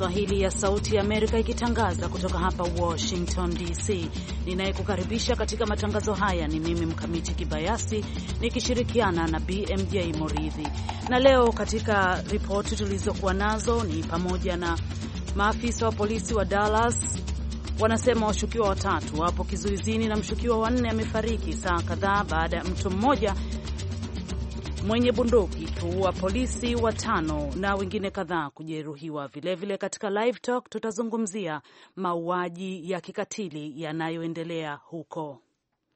Kiswahili ya Sauti ya Amerika ikitangaza kutoka hapa Washington DC. Ninayekukaribisha katika matangazo haya ni mimi Mkamiti Kibayasi nikishirikiana na BMJ Moridhi. Na leo katika ripoti tulizokuwa nazo ni pamoja na maafisa wa polisi wa Dallas wanasema washukiwa watatu wapo kizuizini na mshukiwa wanne amefariki saa kadhaa baada ya mtu mmoja mwenye bunduki wa polisi watano na wengine kadhaa kujeruhiwa. Vilevile katika live talk tutazungumzia mauaji ya kikatili yanayoendelea huko.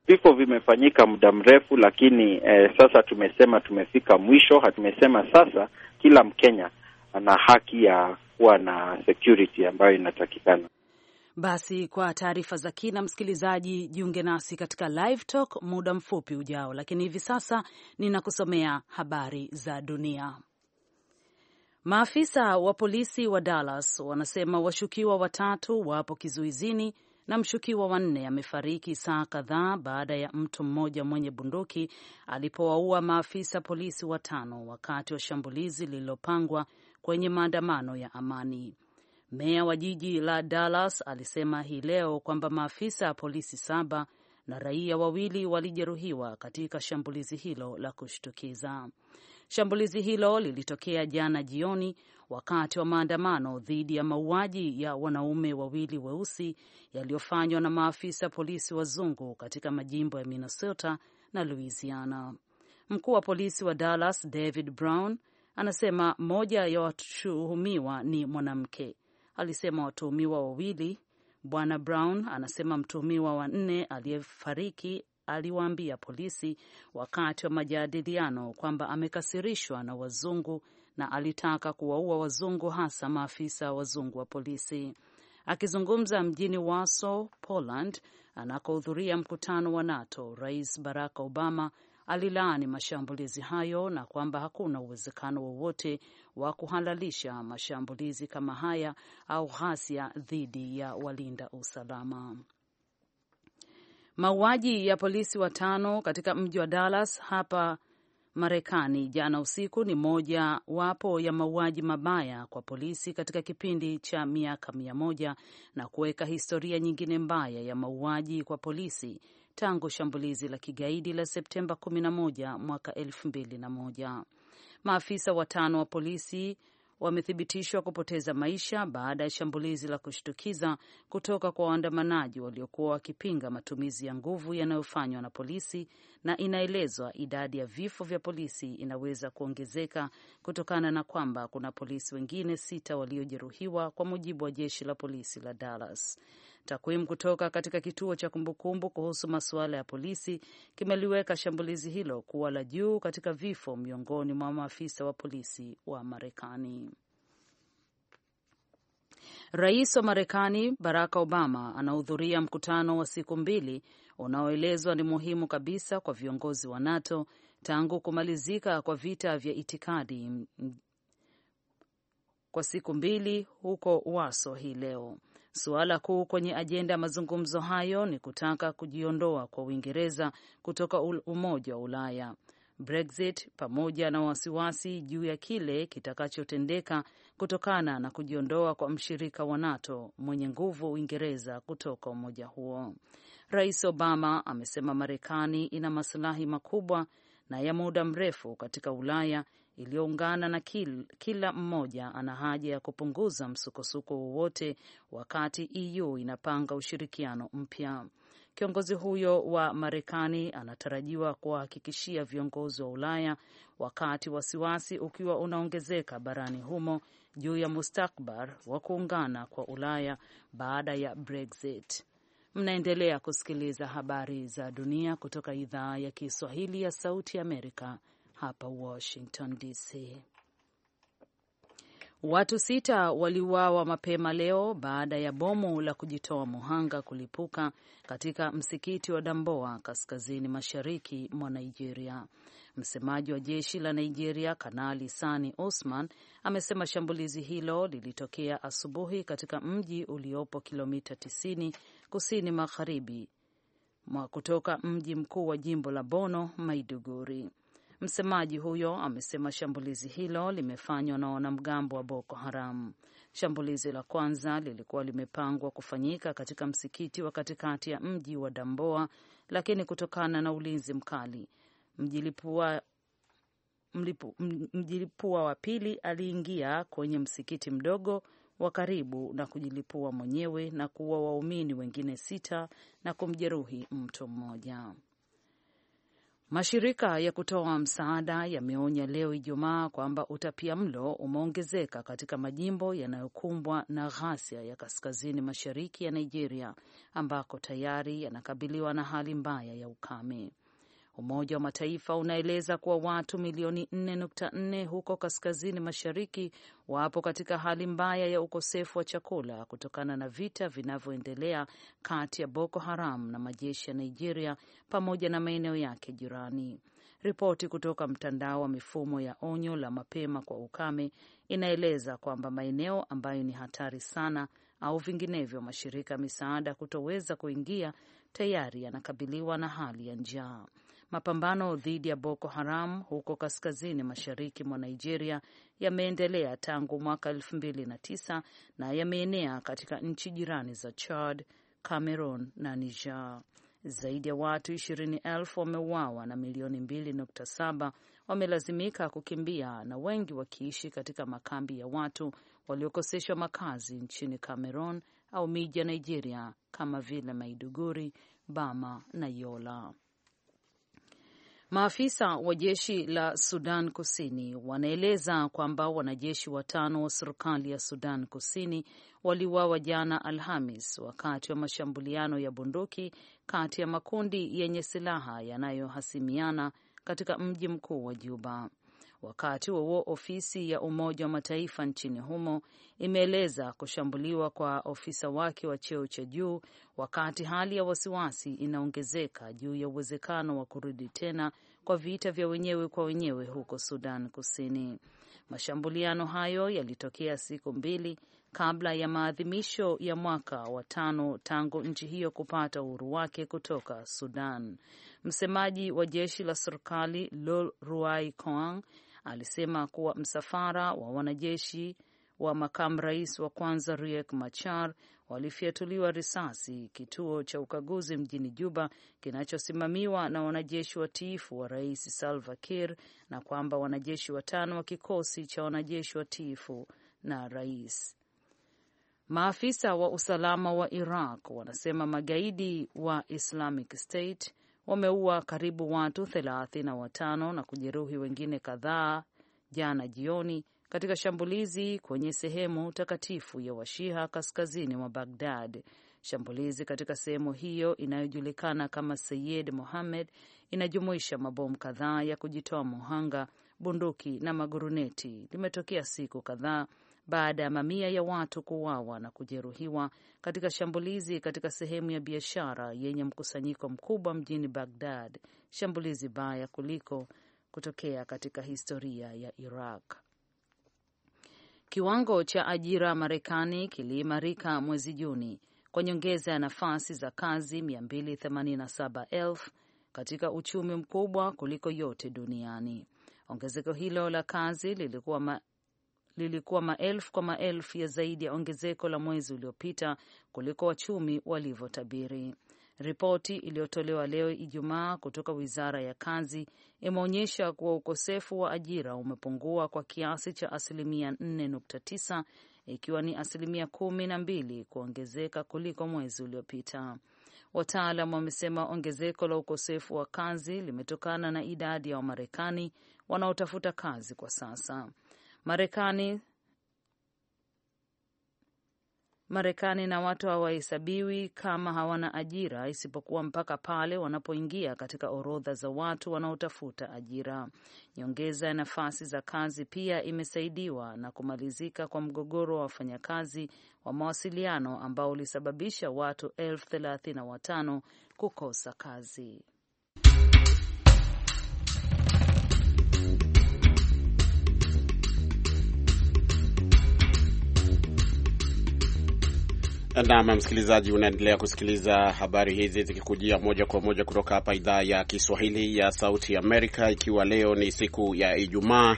Vifo vimefanyika muda mrefu, lakini eh, sasa tumesema tumefika mwisho. Hatumesema sasa kila Mkenya ana haki ya kuwa na security ambayo inatakikana. Basi kwa taarifa za kina, msikilizaji, jiunge nasi katika Live Talk muda mfupi ujao, lakini hivi sasa ninakusomea habari za dunia. Maafisa wa polisi wa Dallas wanasema washukiwa watatu wapo kizuizini na mshukiwa wanne amefariki saa kadhaa baada ya mtu mmoja mwenye bunduki alipowaua maafisa polisi watano wakati wa shambulizi lililopangwa kwenye maandamano ya amani. Meya wa jiji la Dallas alisema hii leo kwamba maafisa polisi saba na raia wawili walijeruhiwa katika shambulizi hilo la kushtukiza. Shambulizi hilo lilitokea jana jioni wakati wa maandamano dhidi ya mauaji ya wanaume wawili weusi yaliyofanywa na maafisa polisi wazungu katika majimbo ya Minnesota na Louisiana. Mkuu wa polisi wa Dallas David Brown anasema moja ya watuhumiwa ni mwanamke alisema watuhumiwa wawili. Bwana Brown anasema mtuhumiwa wa nne aliyefariki aliwaambia polisi wakati wa majadiliano kwamba amekasirishwa na wazungu na alitaka kuwaua wazungu, hasa maafisa wazungu wa polisi. Akizungumza mjini Warsaw, Poland, anakohudhuria mkutano wa NATO, Rais Barack Obama alilaani mashambulizi hayo na kwamba hakuna uwezekano wowote wa kuhalalisha mashambulizi kama haya au ghasia dhidi ya walinda usalama. Mauaji ya polisi watano katika mji wa Dallas hapa Marekani jana usiku ni moja wapo ya mauaji mabaya kwa polisi katika kipindi cha miaka mia moja na kuweka historia nyingine mbaya ya mauaji kwa polisi tangu shambulizi la kigaidi la Septemba 11 mwaka 2001. Maafisa watano wa polisi wamethibitishwa kupoteza maisha baada ya shambulizi la kushtukiza kutoka kwa waandamanaji waliokuwa wakipinga matumizi ya nguvu yanayofanywa na polisi, na inaelezwa idadi ya vifo vya polisi inaweza kuongezeka kutokana na kwamba kuna polisi wengine sita waliojeruhiwa, kwa mujibu wa jeshi la polisi la Dallas. Takwimu kutoka katika kituo cha kumbukumbu kuhusu masuala ya polisi kimeliweka shambulizi hilo kuwa la juu katika vifo miongoni mwa maafisa wa polisi wa Marekani. Rais wa Marekani Barack Obama anahudhuria mkutano wa siku mbili unaoelezwa ni muhimu kabisa kwa viongozi wa NATO tangu kumalizika kwa vita vya itikadi kwa siku mbili huko Waso hii leo. Suala kuu kwenye ajenda ya mazungumzo hayo ni kutaka kujiondoa kwa Uingereza kutoka Umoja wa Ulaya, Brexit, pamoja na wasiwasi juu ya kile kitakachotendeka kutokana na kujiondoa kwa mshirika wa NATO mwenye nguvu Uingereza kutoka umoja huo. Rais Obama amesema Marekani ina masilahi makubwa na ya muda mrefu katika Ulaya iliyoungana na kil, kila mmoja ana haja ya kupunguza msukosuko wowote wakati EU inapanga ushirikiano mpya. Kiongozi huyo wa Marekani anatarajiwa kuwahakikishia viongozi wa Ulaya wakati wasiwasi ukiwa unaongezeka barani humo juu ya mustakbar wa kuungana kwa Ulaya baada ya Brexit. Mnaendelea kusikiliza habari za dunia kutoka idhaa ya Kiswahili ya Sauti Amerika hapa Washington DC. Watu sita waliuawa mapema leo baada ya bomu la kujitoa muhanga kulipuka katika msikiti wa Damboa kaskazini mashariki mwa Nigeria. Msemaji wa jeshi la Nigeria Kanali Sani Osman amesema shambulizi hilo lilitokea asubuhi katika mji uliopo kilomita 90 kusini magharibi mwa kutoka mji mkuu wa jimbo la Bono, Maiduguri. Msemaji huyo amesema shambulizi hilo limefanywa na wanamgambo wa Boko Haram. Shambulizi la kwanza lilikuwa limepangwa kufanyika katika msikiti wa katikati ya mji wa Damboa, lakini kutokana na ulinzi mkali mjilipua mjilipua wa pili aliingia kwenye msikiti mdogo wa karibu na kujilipua mwenyewe na kuua waumini wengine sita na kumjeruhi mtu mmoja. Mashirika ya kutoa msaada yameonya leo Ijumaa kwamba utapia mlo umeongezeka katika majimbo yanayokumbwa na ghasia ya kaskazini mashariki ya Nigeria ambako tayari yanakabiliwa na hali mbaya ya ukame. Umoja wa Mataifa unaeleza kuwa watu milioni 4.4 huko kaskazini mashariki wapo katika hali mbaya ya ukosefu wa chakula kutokana na vita vinavyoendelea kati ya Boko Haram na majeshi ya Nigeria pamoja na maeneo yake jirani. Ripoti kutoka mtandao wa mifumo ya onyo la mapema kwa ukame inaeleza kwamba maeneo ambayo ni hatari sana au vinginevyo mashirika ya misaada kutoweza kuingia tayari yanakabiliwa na hali ya njaa. Mapambano dhidi ya Boko Haram huko kaskazini mashariki mwa Nigeria yameendelea tangu mwaka elfu mbili na tisa na yameenea katika nchi jirani za Chad, Cameroon na Niger. Zaidi ya watu ishirini elfu wameuawa na milioni mbili nukta saba wamelazimika kukimbia na wengi wakiishi katika makambi ya watu waliokoseshwa makazi nchini Cameroon au miji ya Nigeria kama vile Maiduguri, Bama na Yola. Maafisa wa jeshi la Sudan Kusini wanaeleza kwamba wanajeshi watano wa serikali ya Sudan Kusini waliuawa jana Alhamis wakati wa mashambuliano ya bunduki kati ya makundi yenye silaha yanayohasimiana katika mji mkuu wa Juba. Wakati huo ofisi ya Umoja wa Mataifa nchini humo imeeleza kushambuliwa kwa ofisa wake wa cheo cha juu, wakati hali ya wasiwasi inaongezeka juu ya uwezekano wa kurudi tena kwa vita vya wenyewe kwa wenyewe huko Sudan Kusini. Mashambuliano hayo yalitokea siku mbili kabla ya maadhimisho ya mwaka wa tano tangu nchi hiyo kupata uhuru wake kutoka Sudan. Msemaji wa jeshi la serikali Lol Ruai Koang alisema kuwa msafara wa wanajeshi wa makamu rais wa kwanza Riek Machar walifyatuliwa risasi kituo cha ukaguzi mjini Juba kinachosimamiwa na wanajeshi watiifu wa rais Salva Kiir na kwamba wanajeshi watano wa kikosi cha wanajeshi watiifu na rais. Maafisa wa usalama wa Iraq wanasema magaidi wa Islamic State wameua karibu watu thelathini na watano na kujeruhi wengine kadhaa jana jioni katika shambulizi kwenye sehemu takatifu ya Washiha kaskazini mwa Bagdad. Shambulizi katika sehemu hiyo inayojulikana kama Sayid Mohammed inajumuisha mabomu kadhaa ya kujitoa muhanga, bunduki na maguruneti. Limetokea siku kadhaa baada ya mamia ya watu kuuawa na kujeruhiwa katika shambulizi katika sehemu ya biashara yenye mkusanyiko mkubwa mjini Bagdad, shambulizi baya kuliko kutokea katika historia ya Iraq. Kiwango cha ajira Marekani kiliimarika mwezi Juni kwa nyongeza ya nafasi za kazi 287,000 katika uchumi mkubwa kuliko yote duniani. Ongezeko hilo la kazi lilikuwa lilikuwa maelfu kwa maelfu ya zaidi ya ongezeko la mwezi uliopita kuliko wachumi walivyotabiri. Ripoti iliyotolewa leo Ijumaa kutoka wizara ya kazi imeonyesha kuwa ukosefu wa ajira umepungua kwa kiasi cha asilimia 4.9 ikiwa ni asilimia kumi na mbili kuongezeka kuliko mwezi uliopita. Wataalam wamesema ongezeko la ukosefu wa kazi limetokana na idadi ya Wamarekani wanaotafuta kazi kwa sasa. Marekani Marekani na watu hawahesabiwi kama hawana ajira isipokuwa mpaka pale wanapoingia katika orodha za watu wanaotafuta ajira. Nyongeza ya nafasi za kazi pia imesaidiwa na kumalizika kwa mgogoro wa wafanyakazi wa mawasiliano ambao ulisababisha watu elfu thelathini na watano kukosa kazi. nam msikilizaji, unaendelea kusikiliza habari hizi zikikujia moja kwa moja kutoka hapa idhaa ya Kiswahili ya Sauti Amerika, ikiwa leo ni siku ya Ijumaa.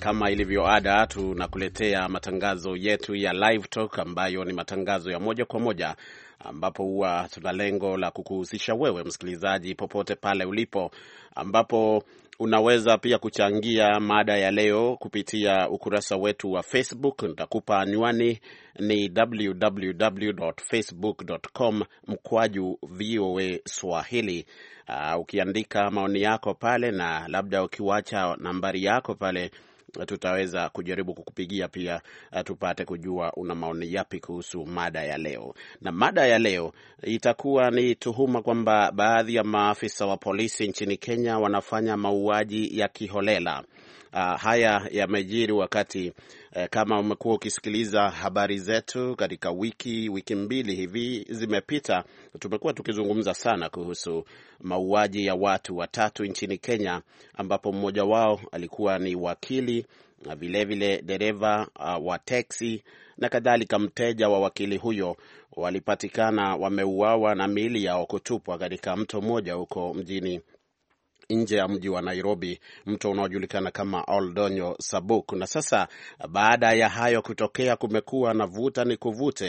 Kama ilivyo ada, tunakuletea matangazo yetu ya Live Talk ambayo ni matangazo ya moja kwa moja ambapo huwa tuna lengo la kukuhusisha wewe msikilizaji, popote pale ulipo, ambapo Unaweza pia kuchangia mada ya leo kupitia ukurasa wetu wa Facebook. Nitakupa anwani ni www.facebook.com mkwaju VOA Swahili. Uh, ukiandika maoni yako pale na labda ukiwacha nambari yako pale tutaweza kujaribu kukupigia pia, eh, tupate kujua una maoni yapi kuhusu mada ya leo. Na mada ya leo itakuwa ni tuhuma kwamba baadhi ya maafisa wa polisi nchini Kenya wanafanya mauaji ya kiholela. Uh, haya yamejiri wakati uh, kama umekuwa ukisikiliza habari zetu katika wiki wiki mbili hivi zimepita, tumekuwa tukizungumza sana kuhusu mauaji ya watu watatu nchini Kenya, ambapo mmoja wao alikuwa ni wakili na vilevile dereva uh, wa teksi na kadhalika. Mteja wa wakili huyo walipatikana wameuawa na miili yao kutupwa katika mto mmoja huko mjini nje ya mji wa Nairobi, mto unaojulikana kama Oldonyo Sabuk. Na sasa baada ya hayo kutokea, kumekuwa na vuta ni kuvute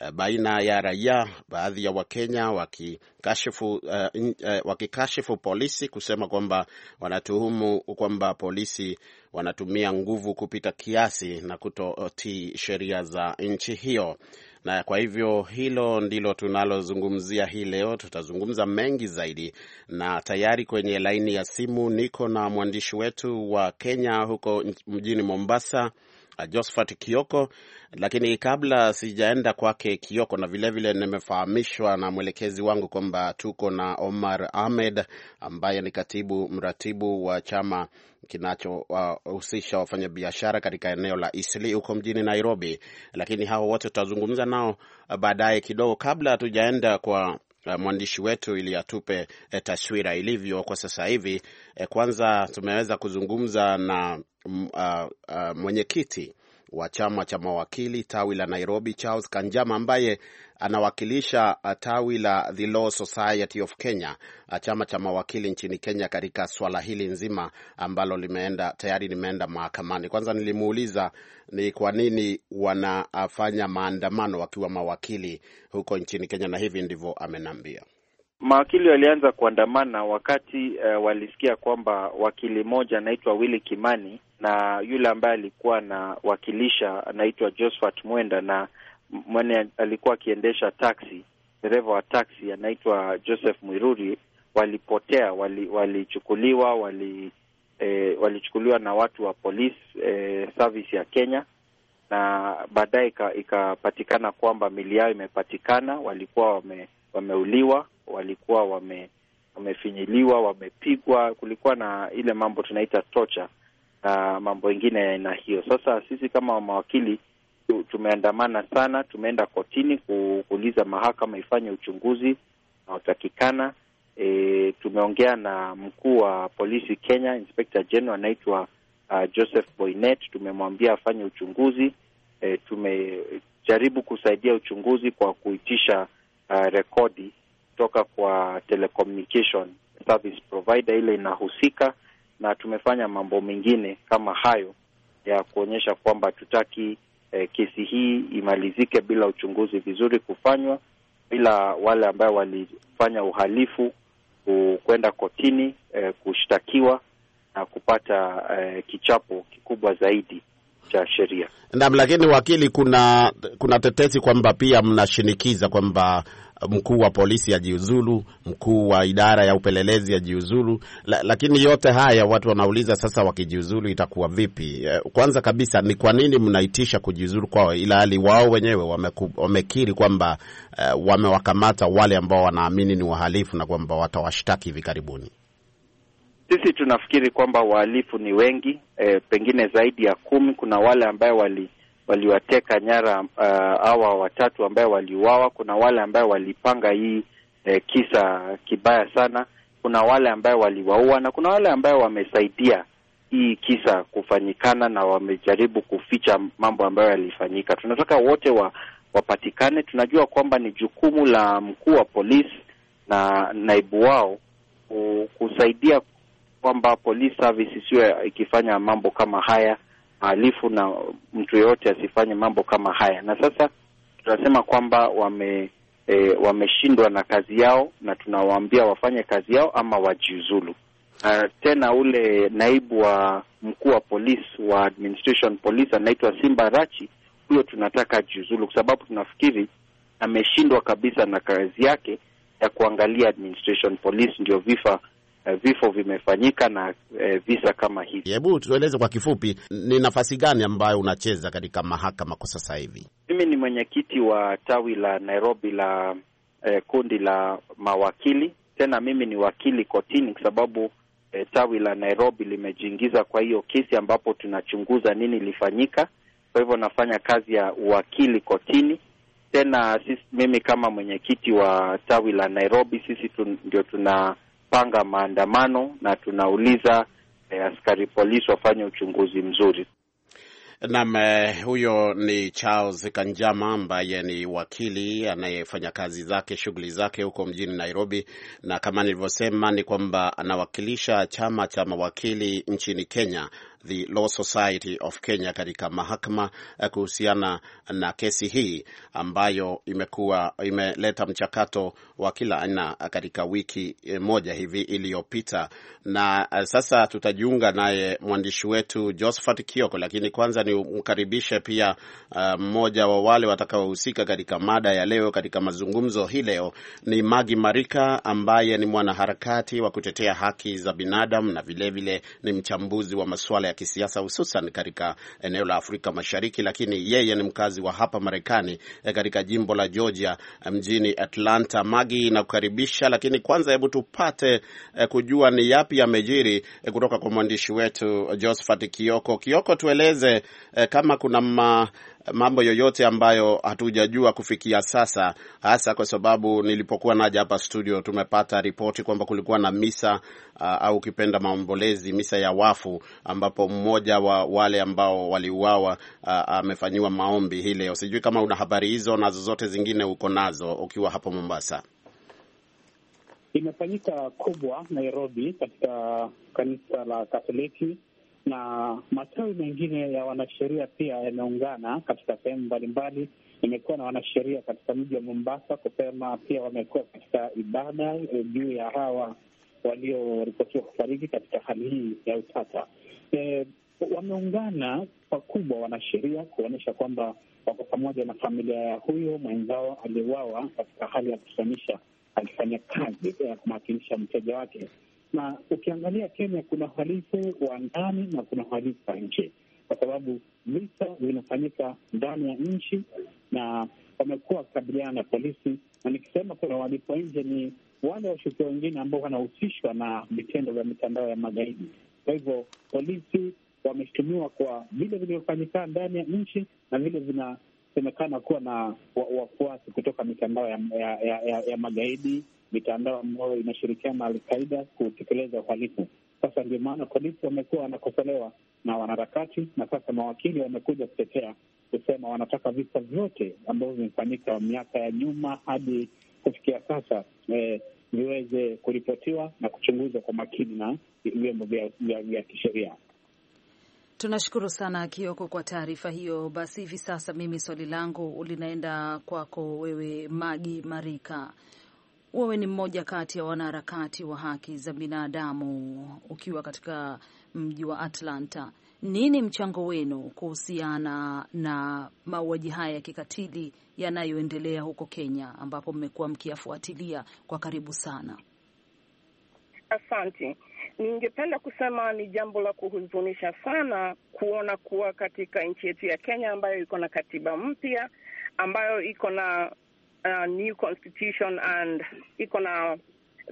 eh, baina ya raia, baadhi ya Wakenya wakikashifu uh, wakikashifu polisi kusema kwamba wanatuhumu kwamba polisi wanatumia nguvu kupita kiasi na kutotii sheria za nchi hiyo na kwa hivyo hilo ndilo tunalozungumzia hii leo. Tutazungumza mengi zaidi, na tayari kwenye laini ya simu niko na mwandishi wetu wa Kenya huko mjini Mombasa, Uh, Josphat Kioko. Lakini kabla sijaenda kwake Kioko, na vilevile nimefahamishwa na mwelekezi wangu kwamba tuko na Omar Ahmed ambaye ni katibu mratibu wa chama kinachohusisha uh, wafanyabiashara katika eneo la Isli huko mjini Nairobi. Lakini hao wote tutazungumza nao uh, baadaye kidogo, kabla hatujaenda kwa Eh, mwandishi wetu ili atupe eh, taswira ilivyo kwa sasa hivi. Eh, kwanza tumeweza kuzungumza na mm, ah, ah, mwenyekiti wa chama cha mawakili tawi la Nairobi, Charles Kanjama, ambaye anawakilisha uh, tawi la The Law Society of Kenya, uh, chama cha mawakili nchini Kenya, katika swala hili nzima ambalo limeenda tayari limeenda mahakamani. Kwanza nilimuuliza ni kwa nini wanafanya maandamano wakiwa mawakili huko nchini Kenya, na hivi ndivyo amenambia Mawakili walianza kuandamana wakati uh, walisikia kwamba wakili mmoja anaitwa Willy Kimani na yule ambaye alikuwa anawakilisha anaitwa Josephat Mwenda, na mwenye alikuwa akiendesha taxi, dereva wa taxi anaitwa Joseph Mwiruri, walipotea, walichukuliwa, wali wali e, eh, walichukuliwa na watu wa police eh, service ya Kenya na baadaye ikapatikana kwamba mili yao imepatikana. Walikuwa wame, wameuliwa, walikuwa wame, wamefinyiliwa, wamepigwa. Kulikuwa na ile mambo tunaita torture na mambo ingine ya aina hiyo. Sasa sisi kama mawakili tumeandamana sana, tumeenda kotini kuuliza mahakama ifanye uchunguzi unaotakikana. E, tumeongea na mkuu wa polisi Kenya, Inspector General anaitwa uh, Joseph Boynet. Tumemwambia afanye uchunguzi. E, tumejaribu kusaidia uchunguzi kwa kuitisha uh, rekodi kutoka kwa telecommunication service provider ile inahusika na tumefanya mambo mengine kama hayo ya kuonyesha kwamba tutaki eh, kesi hii imalizike bila uchunguzi vizuri kufanywa, bila wale ambao walifanya uhalifu kwenda kotini eh, kushtakiwa na kupata eh, kichapo kikubwa zaidi cha sheria. Naam, lakini wakili, kuna kuna tetesi kwamba pia mnashinikiza kwamba mkuu wa polisi ajiuzulu, mkuu wa idara ya upelelezi ajiuzulu. La, lakini yote haya watu wanauliza sasa, wakijiuzulu itakuwa vipi? Eh, kwanza kabisa ni kwa nini mnaitisha kujiuzulu kwao, ila hali wao wenyewe wamekiri kwamba uh, wamewakamata wale ambao wanaamini ni wahalifu na kwamba watawashtaki hivi karibuni. Sisi tunafikiri kwamba wahalifu ni wengi e, pengine zaidi ya kumi. Kuna wale ambaye wali waliwateka nyara eh, hawa awa watatu ambaye waliuawa. Kuna wale ambaye walipanga hii eh, kisa kibaya sana. Kuna wale ambaye waliwaua na kuna wale ambaye wamesaidia hii kisa kufanyikana na wamejaribu kuficha mambo ambayo yalifanyika. Tunataka wote wa, wapatikane. Tunajua kwamba ni jukumu la mkuu wa polisi na naibu wao kusaidia kwamba police service isiwe ikifanya mambo kama haya halifu, na mtu yeyote asifanye mambo kama haya. Na sasa tunasema kwamba wame e, wameshindwa na kazi yao, na tunawaambia wafanye kazi yao ama wajiuzulu. Uh, tena ule naibu wa mkuu wa polisi wa administration police anaitwa Simba Rachi, huyo tunataka ajiuzulu kwa sababu tunafikiri ameshindwa kabisa na kazi yake ya kuangalia administration police, ndio vifa eh, vifo vimefanyika na eh, visa kama hivi. Hebu tueleze kwa kifupi, ni nafasi gani ambayo unacheza katika mahakama kwa sasa hivi? Mimi ni mwenyekiti wa tawi la Nairobi la eh, kundi la mawakili. Tena mimi ni wakili kotini kwa sababu eh, tawi la Nairobi limejiingiza kwa hiyo kesi, ambapo tunachunguza nini ilifanyika. Kwa hivyo nafanya kazi ya uwakili kotini tena sisi, mimi kama mwenyekiti wa tawi la Nairobi, sisi tu, ndio tuna kupanga maandamano na tunauliza eh, askari polisi wafanye uchunguzi mzuri. Naam, eh, huyo ni Charles Kanjama ambaye ni wakili anayefanya kazi zake shughuli zake huko mjini Nairobi, na kama nilivyosema ni kwamba anawakilisha chama cha mawakili nchini Kenya the Law Society of Kenya katika mahakama eh, kuhusiana na kesi hii ambayo imekuwa imeleta mchakato wa kila aina eh, katika wiki eh, moja hivi iliyopita. Na sasa tutajiunga naye mwandishi wetu Josephat Kioko, lakini kwanza nimkaribishe pia mmoja uh, wa wale watakaohusika katika mada ya leo katika mazungumzo hii leo ni Magi Marika ambaye ni mwanaharakati wa kutetea haki za binadamu na vilevile vile ni mchambuzi wa masuala ya kisiasa hususan katika eneo la Afrika Mashariki, lakini yeye ni mkazi wa hapa Marekani eh, katika jimbo la Georgia eh, mjini Atlanta. Magi, nakukaribisha, lakini kwanza hebu tupate eh, kujua ni yapi yamejiri kutoka kwa mwandishi wetu Josephat Kioko. Kioko, tueleze kama kuna ma, mambo yoyote ambayo hatujajua kufikia sasa, hasa kwa sababu nilipokuwa naja hapa studio tumepata ripoti kwamba kulikuwa na misa uh, au ukipenda maombolezi, misa ya wafu, ambapo mmoja wa wale ambao waliuawa amefanyiwa uh, amefanyiwa maombi hii leo. Sijui kama una habari hizo na zozote zingine uko nazo ukiwa hapo Mombasa. Imefanyika kubwa Nairobi katika kanisa la Katoliki na matawi mengine ya wanasheria pia yameungana katika sehemu mbalimbali. Imekuwa na wanasheria katika mji wa Mombasa kusema pia wamekuwa katika ibada eh, juu ya hawa walioripotiwa kufariki katika hali hii ya utata. E, wameungana pakubwa wanasheria kuonyesha kwamba wako pamoja na familia ya huyo mwenzao aliyewawa katika hali ya kusanisha, akifanya kazi ya eh, kumwakilisha mteja wake na ukiangalia Kenya kuna uhalifu wa ndani na kuna uhalifu wa nje, kwa sababu vita vinafanyika ndani ya nchi na wamekuwa wakikabiliana na polisi. Na nikisema kuna uhalifu wa nje ni wale washukiwa wengine ambao wanahusishwa na vitendo vya mitandao ya magaidi. Kwa hivyo polisi wameshutumiwa kwa vile vilivyofanyika ndani ya nchi na vile vinasemekana kuwa na wafuasi kutoka mitandao ya, ya, ya, ya, ya magaidi mitandao ambayo inashirikiana na Alqaida kutekeleza uhalifu. Sasa ndio maana polisi wamekuwa wanakosolewa na wanaharakati, na sasa mawakili wamekuja kutetea kusema wanataka visa vyote ambavyo vimefanyika miaka ya nyuma hadi kufikia sasa eh, viweze kuripotiwa na kuchunguzwa kwa makini na vyombo vya kisheria. Tunashukuru sana Kioko kwa taarifa hiyo. Basi hivi sasa mimi swali langu linaenda kwako wewe Magi Marika wewe ni mmoja kati ya wanaharakati wa haki za binadamu ukiwa katika mji wa Atlanta. Nini mchango wenu kuhusiana na mauaji haya ya kikatili yanayoendelea huko Kenya, ambapo mmekuwa mkiyafuatilia kwa karibu sana? Asante. Ningependa kusema ni jambo la kuhuzunisha sana kuona kuwa katika nchi yetu ya Kenya ambayo iko na katiba mpya ambayo iko na uh, new constitution and iko na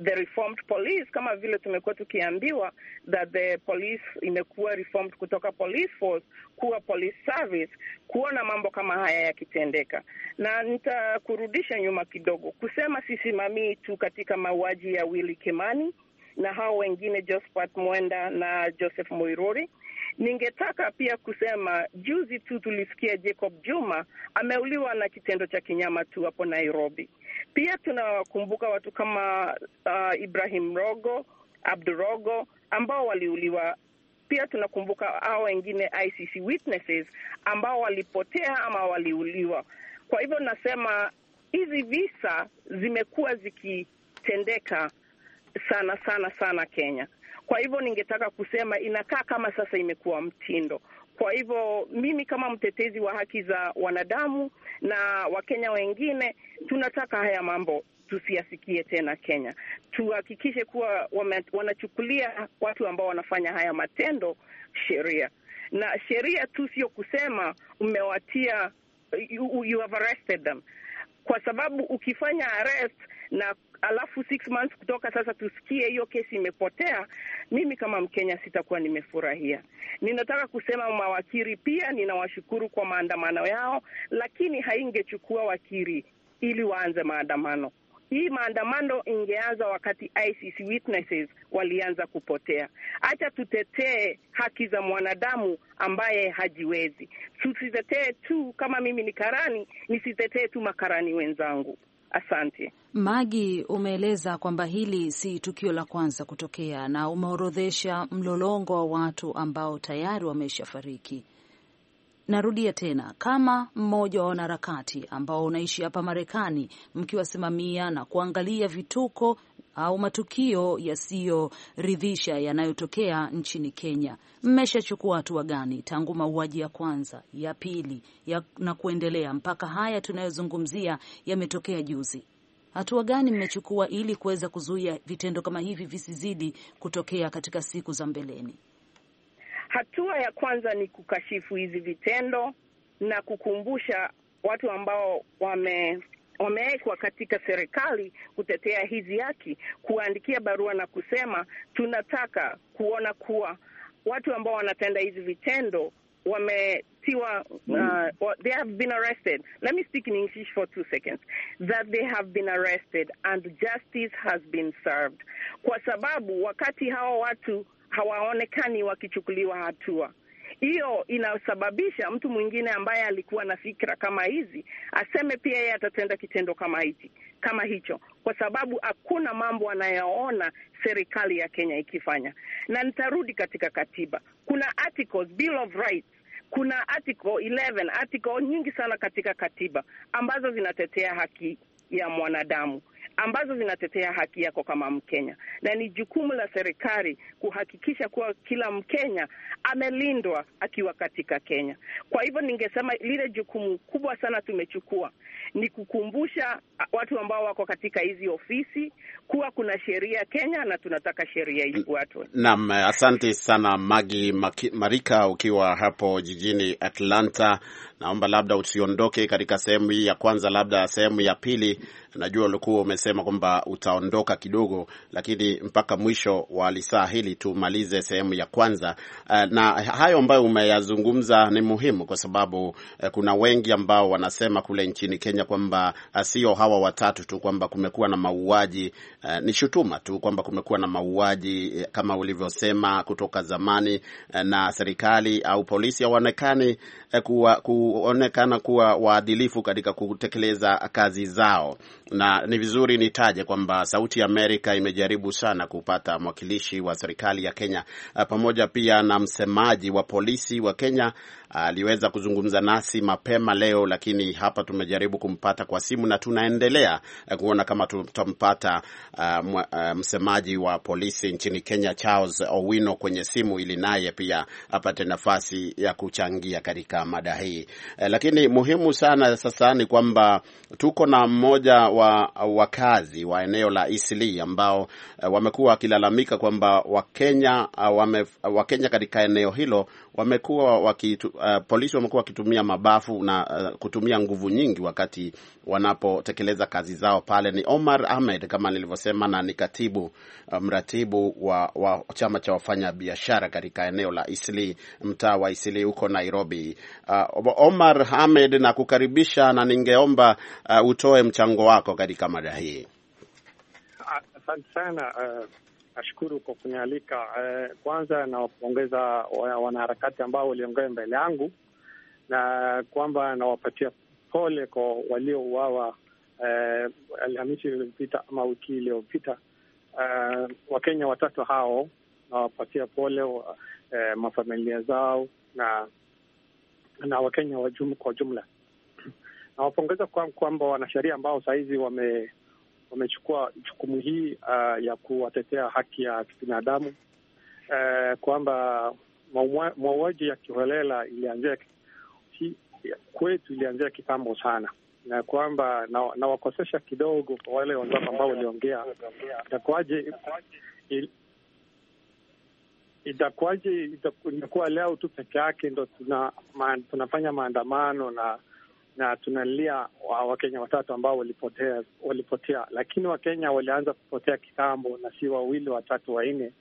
the reformed police, kama vile tumekuwa tukiambiwa that the police imekuwa reformed kutoka police force kuwa police service, kuona mambo kama haya yakitendeka. Na nitakurudisha nyuma kidogo kusema sisimamii tu katika mauaji ya Willy Kimani na hao wengine Josphat Mwenda na Joseph Muiruri Ningetaka pia kusema juzi tu tulisikia Jacob Juma ameuliwa na kitendo cha kinyama tu hapo Nairobi. Pia tunawakumbuka watu kama uh, Ibrahim Rogo, Abdurogo ambao waliuliwa pia tunakumbuka hao wengine ICC witnesses ambao walipotea ama waliuliwa. Kwa hivyo nasema hizi visa zimekuwa zikitendeka sana sana sana Kenya. Kwa hivyo ningetaka kusema inakaa kama sasa imekuwa mtindo. Kwa hivyo mimi kama mtetezi wa haki za wanadamu na Wakenya wengine, tunataka haya mambo tusiyasikie tena Kenya. Tuhakikishe kuwa wame, wanachukulia watu ambao wanafanya haya matendo sheria, na sheria tu sio kusema umewatia you, you have arrested them, kwa sababu ukifanya arrest na alafu six months kutoka sasa tusikie hiyo kesi imepotea, mimi kama Mkenya sitakuwa nimefurahia. Ninataka kusema mawakili pia ninawashukuru kwa maandamano yao, lakini haingechukua wakili ili waanze maandamano. Hii maandamano ingeanza wakati ICC witnesses walianza kupotea. Acha tutetee haki za mwanadamu ambaye hajiwezi, tusitetee tu. Kama mimi ni karani, nisitetee tu makarani wenzangu. Asante Magi, umeeleza kwamba hili si tukio la kwanza kutokea na umeorodhesha mlolongo wa watu ambao tayari wameshafariki. Narudia tena, kama mmoja wa wanaharakati ambao unaishi hapa Marekani, mkiwasimamia na kuangalia vituko au matukio yasiyoridhisha yanayotokea nchini Kenya, mmeshachukua hatua gani tangu mauaji ya kwanza, ya pili ya, na kuendelea mpaka haya tunayozungumzia yametokea juzi? Hatua gani mmechukua ili kuweza kuzuia vitendo kama hivi visizidi kutokea katika siku za mbeleni? Hatua ya kwanza ni kukashifu hizi vitendo na kukumbusha watu ambao wame wamewekwa katika serikali kutetea hizi haki, kuandikia barua na kusema tunataka kuona kuwa watu ambao wanatenda hizi vitendo wametiwa uh, mm. they have been arrested. Let me speak in English for two seconds. That they have been arrested and justice has been served, kwa sababu wakati hawa watu hawaonekani wakichukuliwa hatua hiyo inasababisha mtu mwingine ambaye alikuwa na fikra kama hizi aseme pia yeye atatenda kitendo kama hichi kama hicho, kwa sababu hakuna mambo anayoona serikali ya Kenya ikifanya. Na nitarudi katika katiba, kuna articles, Bill of Rights kuna article 11 article nyingi sana katika katiba ambazo zinatetea haki ya mwanadamu ambazo zinatetea haki yako kama Mkenya, na ni jukumu la serikali kuhakikisha kuwa kila Mkenya amelindwa akiwa katika Kenya. Kwa hivyo, ningesema lile jukumu kubwa sana tumechukua ni kukumbusha watu ambao wako katika hizi ofisi kuwa kuna sheria Kenya na tunataka sheria ifuatwe. Naam, asante sana Magi Marika, ukiwa hapo jijini Atlanta. Naomba labda usiondoke katika sehemu hii ya kwanza, labda sehemu ya pili najua ulikuwa umesema kwamba utaondoka kidogo, lakini mpaka mwisho wa lisaa hili tumalize sehemu ya kwanza. Eh, na hayo ambayo umeyazungumza ni muhimu, kwa sababu eh, kuna wengi ambao wanasema kule nchini Kenya kwamba eh, sio hawa watatu tu, kwamba kumekuwa na mauaji. Ni shutuma tu kwamba kumekuwa na mauaji kama ulivyosema kutoka zamani, na serikali au polisi hawaonekani kuwa, kuonekana kuwa waadilifu katika kutekeleza kazi zao na ni vizuri nitaje kwamba Sauti ya Amerika imejaribu sana kupata mwakilishi wa serikali ya Kenya eh, pamoja pia na msemaji wa polisi wa Kenya aliweza kuzungumza nasi mapema leo, lakini hapa tumejaribu kumpata kwa simu na tunaendelea kuona kama tutampata uh, uh, msemaji wa polisi nchini Kenya Charles Owino kwenye simu ili naye pia apate nafasi ya kuchangia katika mada hii. Eh, lakini muhimu sana sasa ni kwamba tuko na mmoja wa wakazi wa eneo la Isli ambao eh, wamekuwa wakilalamika kwamba Wakenya, uh, wame, Wakenya katika eneo hilo wamekuwa waki uh, polisi wamekuwa wakitumia mabafu na uh, kutumia nguvu nyingi wakati wanapotekeleza kazi zao pale. Ni Omar Ahmed kama nilivyosema, na ni katibu uh, mratibu wa, wa chama cha wafanyabiashara katika eneo la Isli, mtaa wa Isli huko Nairobi. Uh, Omar Ahmed, na kukaribisha na ningeomba uh, utoe mchango wako katika mada hii. Asante sana uh, Nashukuru kwa kunialika. Eh, kwanza nawapongeza wanaharakati ambao waliongea mbele yangu na kwamba nawapatia pole kwa waliouawa eh, Alhamisi iliyopita ama wiki iliyopita. Eh, Wakenya watatu hao nawapatia pole eh, mafamilia zao na na Wakenya wajum, kwa jumla nawapongeza kwamba wanasheria ambao sahizi wame wamechukua jukumu hii uh, ya kuwatetea haki ya kibinadamu uh, kwamba mauaji ya kiholela ilianzia kwetu, ilianzia kitambo sana, na kwamba nawakosesha na kidogo kwa wale wenzangu ambao waliongea, itakuwaje itakuwaje itakuwa leo tu peke yake ndo tuna, ma, tunafanya maandamano na na tunalia wa Wakenya watatu ambao walipotea, walipotea. Lakini Wakenya walianza kupotea kitambo na si wawili watatu wanne.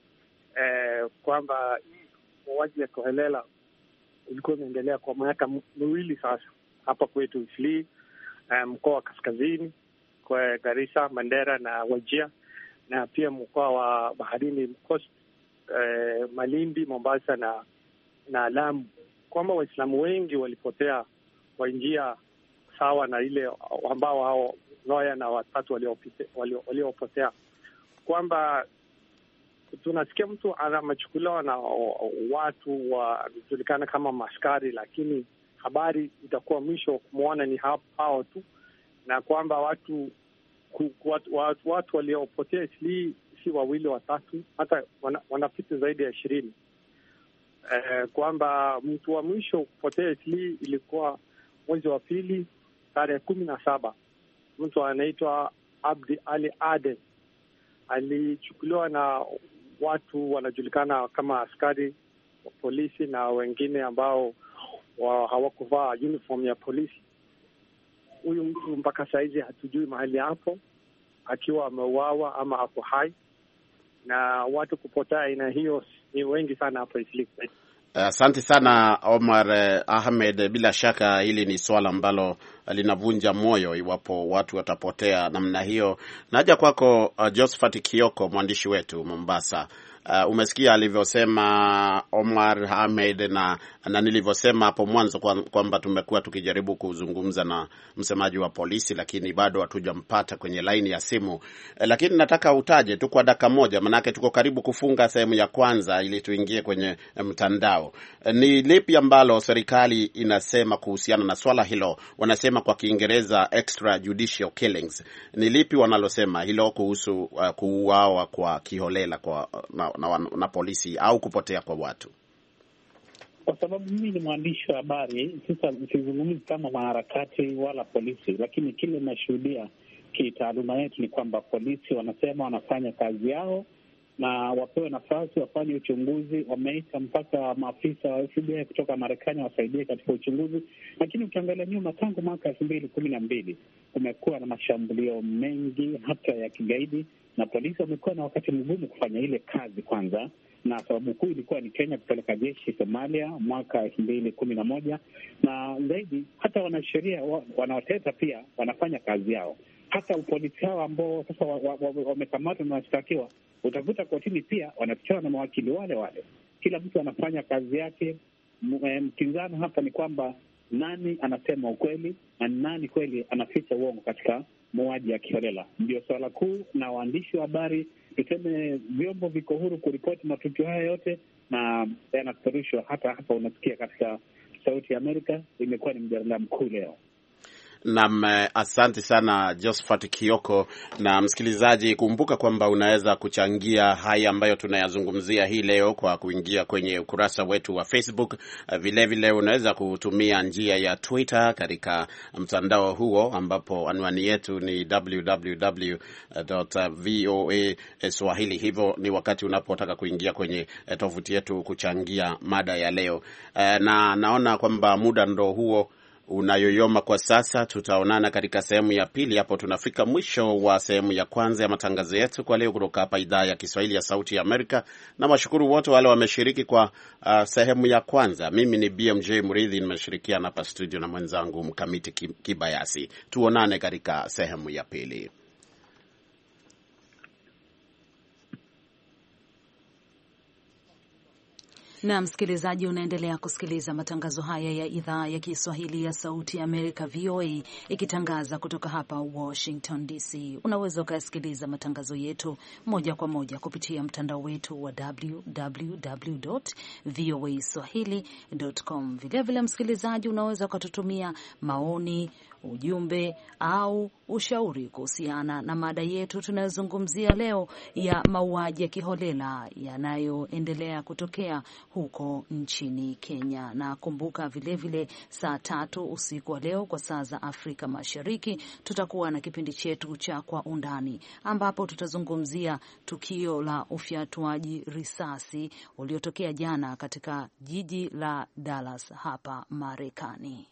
Eh, kwamba mauaji ya kiholela ilikuwa imeendelea kwa miaka miwili sasa hapa kwetu eh, mkoa wa kaskazini kwa Garissa, Mandera na Wajia na pia mkoa wa baharini Coast, eh, Malindi, Mombasa na na Lamu, kwamba Waislamu wengi walipotea kwa njia sawa na ile ambao hao loya na watatu waliopotea, kwamba tunasikia mtu amechukuliwa na watu wanajulikana kama maskari, lakini habari itakuwa mwisho kumwona ni hao tu, na kwamba watu ku, ku, watu, watu, watu waliopotea Itilii si wawili watatu, hata wana, wanapita zaidi ya ishirini. Eh, kwamba mtu wa mwisho kupotea Itilii ilikuwa mwezi wa pili tarehe kumi na saba mtu anaitwa Abdi Ali Ade alichukuliwa na watu wanajulikana kama askari wa polisi na wengine ambao hawakuvaa uniform ya polisi. Huyu mtu mpaka sahizi hatujui mahali hapo, akiwa ameuawa ama ako hai, na watu kupotea aina hiyo ni wengi sana hapa Eastleigh. Asante sana Omar eh, Ahmed. Bila shaka hili ni swala ambalo linavunja moyo iwapo watu watapotea namna hiyo. Naja kwako eh, Josephat Kioko, mwandishi wetu Mombasa. Uh, umesikia alivyosema Omar Ahmed na na nilivyosema hapo mwanzo kwamba tumekuwa tukijaribu kuzungumza na msemaji wa polisi, lakini bado hatujampata kwenye laini ya simu. Eh, lakini nataka utaje tu kwa dakika moja, manake tuko karibu kufunga sehemu ya kwanza ili tuingie kwenye eh, mtandao. Eh, ni lipi ambalo serikali inasema kuhusiana na swala hilo? Wanasema kwa Kiingereza extrajudicial killings. Ni lipi wanalosema hilo kuhusu uh, kuuawa kwa kiholela kwa, na, na, na, na polisi au kupotea kwa watu? kwa sababu mimi ni mwandishi wa habari. Sasa sizungumzi kama maharakati wala polisi, lakini kile inashuhudia kitaaluma yetu ni kwamba polisi wanasema wanafanya kazi yao na wapewe nafasi wafanye uchunguzi. Wameita mpaka maafisa wa FBI kutoka Marekani wasaidie katika uchunguzi, lakini ukiangalia nyuma, tangu mwaka elfu mbili kumi na mbili kumekuwa na mashambulio mengi hata ya kigaidi, na polisi wamekuwa na wakati mgumu kufanya ile kazi kwanza na sababu kuu ilikuwa ni Kenya kupeleka jeshi Somalia mwaka elfu mbili kumi na moja na zaidi. Hata wanasheria wanaoteta pia wanafanya kazi yao, hata upolisi hao ambao sasa wamekamatwa na washtakiwa, utakuta kotini pia wanapichana na mawakili wale wale. Kila mtu anafanya kazi yake. Eh, mpinzano hapa ni kwamba nani anasema ukweli na nani kweli anaficha uongo katika mauaji ya kiholela, ndio swala kuu, na waandishi wa habari tuseme vyombo viko huru kuripoti matukio haya yote na yanapeperushwa hata hapa, unasikia katika Sauti ya Amerika, imekuwa ni mjadala mkuu leo. Nam, eh, asante sana Josephat Kioko. Na msikilizaji, kumbuka kwamba unaweza kuchangia haya ambayo tunayazungumzia hii leo kwa kuingia kwenye ukurasa wetu wa Facebook. Vilevile eh, vile unaweza kutumia njia ya Twitter katika mtandao huo, ambapo anwani yetu ni www.voaswahili. Hivyo ni wakati unapotaka kuingia kwenye eh, tovuti yetu kuchangia mada ya leo, na naona kwamba muda ndo huo unayoyoma kwa sasa. Tutaonana katika sehemu ya pili, hapo tunafika mwisho wa sehemu ya kwanza ya matangazo yetu kwa leo kutoka hapa idhaa ya Kiswahili ya Sauti ya Amerika, na washukuru wote wale wameshiriki kwa uh, sehemu ya kwanza. Mimi ni BMJ Mridhi, nimeshirikiana hapa studio na mwenzangu Mkamiti Kibayasi. Tuonane katika sehemu ya pili. Na msikilizaji, unaendelea kusikiliza matangazo haya ya idhaa ya Kiswahili ya Sauti ya Amerika, VOA, ikitangaza kutoka hapa Washington DC. Unaweza ukayasikiliza matangazo yetu moja kwa moja kupitia mtandao wetu wa www voa swahili.com. Vilevile msikilizaji, unaweza ukatutumia maoni, ujumbe au ushauri kuhusiana na mada yetu tunayozungumzia leo ya mauaji ya kiholela yanayoendelea kutokea huko nchini Kenya. Na kumbuka vilevile vile, saa tatu usiku wa leo kwa saa za Afrika Mashariki tutakuwa na kipindi chetu cha Kwa Undani, ambapo tutazungumzia tukio la ufyatuaji risasi uliotokea jana katika jiji la Dallas hapa Marekani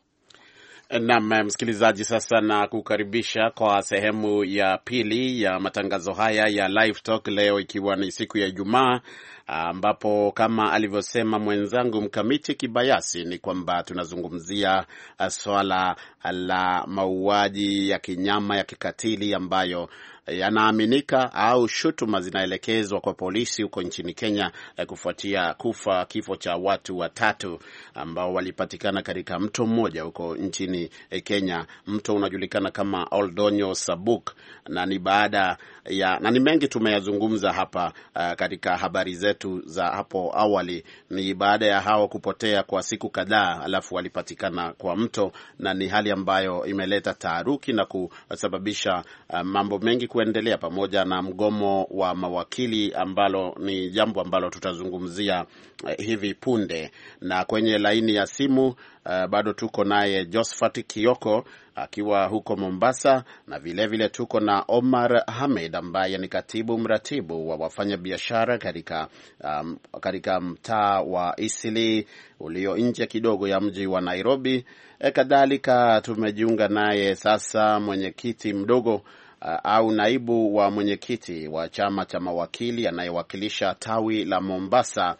nam eh, msikilizaji, sasa na kukaribisha kwa sehemu ya pili ya matangazo haya ya Live Talk leo, ikiwa ni siku ya Ijumaa, ambapo kama alivyosema mwenzangu Mkamiti Kibayasi ni kwamba tunazungumzia eh, swala la mauaji ya kinyama ya kikatili ambayo yanaaminika au shutuma zinaelekezwa kwa polisi huko nchini Kenya eh, kufuatia kufa kifo cha watu watatu ambao walipatikana katika mto mmoja huko nchini eh, Kenya. Mto unajulikana kama Oldonyo Sabuk, na ni baada ya na ni mengi tumeyazungumza hapa uh, katika habari zetu za hapo awali. Ni baada ya hao kupotea kwa siku kadhaa, alafu walipatikana kwa mto, na ni hali ambayo imeleta taharuki na kusababisha uh, mambo mengi kuendelea pamoja na mgomo wa mawakili ambalo ni jambo ambalo tutazungumzia eh, hivi punde. Na kwenye laini ya simu uh, bado tuko naye Josphat Kioko akiwa huko Mombasa, na vilevile vile tuko na Omar Hamed ambaye ni katibu mratibu wa wafanyabiashara katika um, katika mtaa wa Isili ulio nje kidogo ya mji wa Nairobi. E, kadhalika tumejiunga naye sasa mwenyekiti mdogo Uh, au naibu wa mwenyekiti wa chama cha mawakili anayewakilisha tawi la Mombasa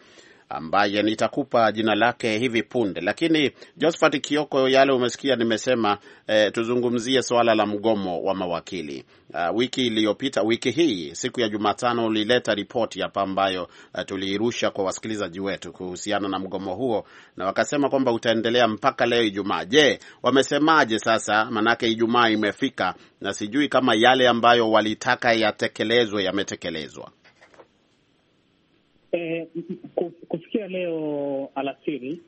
ambaye nitakupa jina lake hivi punde. Lakini Josephat Kioko, yale umesikia nimesema, eh, tuzungumzie swala la mgomo wa mawakili. Uh, wiki iliyopita, wiki hii, siku ya Jumatano ulileta ripoti hapa ambayo uh, tuliirusha kwa wasikilizaji wetu kuhusiana na mgomo huo, na wakasema kwamba utaendelea mpaka leo Ijumaa. Je, wamesemaje sasa? Manake Ijumaa imefika na sijui kama yale ambayo walitaka yatekelezwe yametekelezwa. Eh, kufikia leo alasiri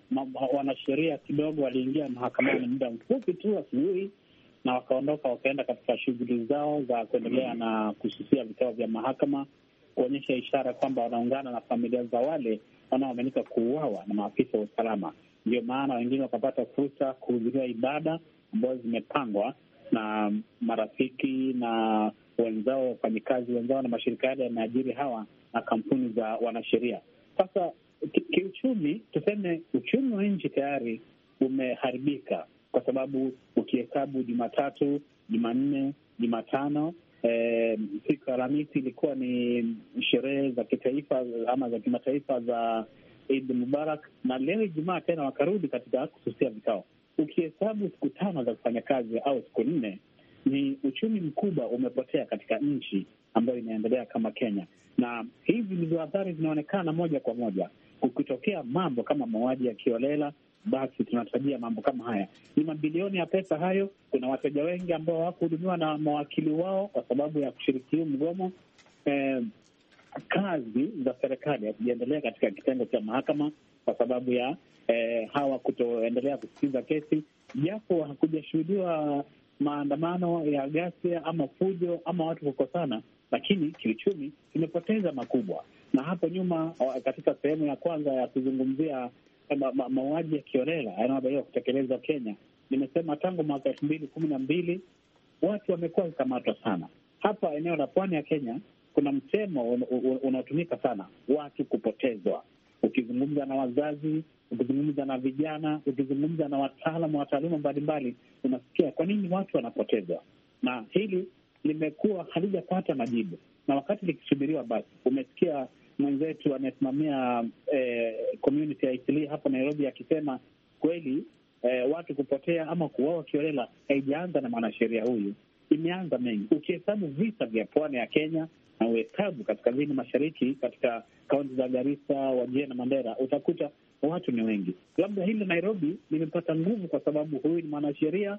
wanasheria kidogo waliingia mahakamani muda mfupi tu asubuhi, na wakaondoka wakaenda katika shughuli zao za kuendelea na kususia vikao vya mahakama, kuonyesha ishara kwamba wanaungana na familia za wale wanaoaminika kuuawa na maafisa wa usalama. Ndio maana wengine wakapata fursa kuhudhuria ibada ambazo zimepangwa na marafiki na wenzao, wafanyikazi wenzao na mashirika yale yameajiri hawa na kampuni za wanasheria. Sasa kiuchumi, tuseme uchumi wa nchi tayari umeharibika, kwa sababu ukihesabu Jumatatu, Jumanne, Jumatano E, siku ya Alhamisi ilikuwa ni sherehe za kitaifa ama za kimataifa za idi Mubarak, na leo Ijumaa tena wakarudi katika kususia vikao. Ukihesabu siku tano za kufanya kazi au siku nne, ni uchumi mkubwa umepotea katika nchi ambayo inaendelea kama Kenya na hivi ndivyo athari zinaonekana moja kwa moja. Ukitokea mambo kama mauaji ya kiolela, basi tunatarajia mambo kama haya. Ni mabilioni ya pesa hayo. Kuna wateja wengi ambao hawakuhudumiwa na mawakili wao kwa sababu ya kushiriki huu mgomo. Eh, kazi za serikali hazijaendelea katika kitengo cha mahakama kwa sababu ya eh, hawa kutoendelea kusikiza kesi, japo hakujashuhudiwa maandamano ya ghasia ama fujo ama watu kukosana, lakini kiuchumi tumepoteza makubwa. Na hapo nyuma, katika sehemu ya kwanza ya kuzungumzia eh, mauaji ya kiorela yanayodaiwa kutekelezwa Kenya, nimesema tangu mwaka elfu mbili kumi na mbili watu wamekuwa wakikamatwa sana hapa eneo la pwani ya Kenya. Kuna msemo unaotumika sana, watu kupotezwa. Ukizungumza na wazazi, ukizungumza na vijana, ukizungumza na wataalamu wa taaluma mbalimbali, unasikia kwa nini watu wanapotezwa, na hili limekuwa halijapata majibu, na wakati likisubiriwa, basi umesikia mwenzetu anayesimamia eh, community ya hapo Nairobi akisema kweli, eh, watu kupotea ama kuuawa kiolela haijaanza na mwanasheria huyu, imeanza mengi. Ukihesabu visa vya pwani ya Kenya na uhesabu kaskazini mashariki, katika kaunti za Garissa, Wajir na Mandera, utakuta watu ni wengi. Labda hili Nairobi limepata nguvu kwa sababu huyu ni mwanasheria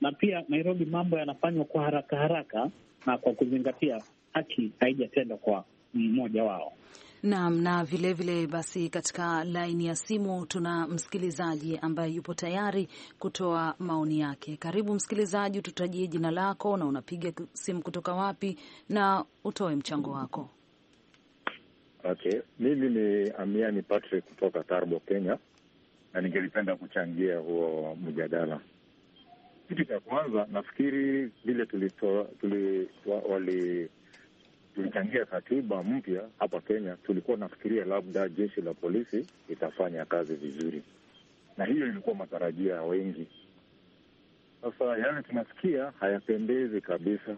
na pia Nairobi mambo yanafanywa kwa haraka haraka na kwa kuzingatia haki haijatendwa kwa mmoja wao. Naam, na vilevile vile basi, katika laini ya simu tuna msikilizaji ambaye yupo tayari kutoa maoni yake. Karibu msikilizaji, ututajie jina lako na unapiga simu kutoka wapi na utoe mchango wako. Okay, mimi ni Amiani Patrick kutoka Tarbo, Kenya, na ningelipenda kuchangia huo mjadala. Kitu cha kwanza nafikiri vile tulichangia katiba mpya hapa Kenya, tulikuwa nafikiria labda jeshi la polisi litafanya kazi vizuri, na hiyo ilikuwa matarajio ya wengi. Sasa yale tunasikia hayapendezi kabisa,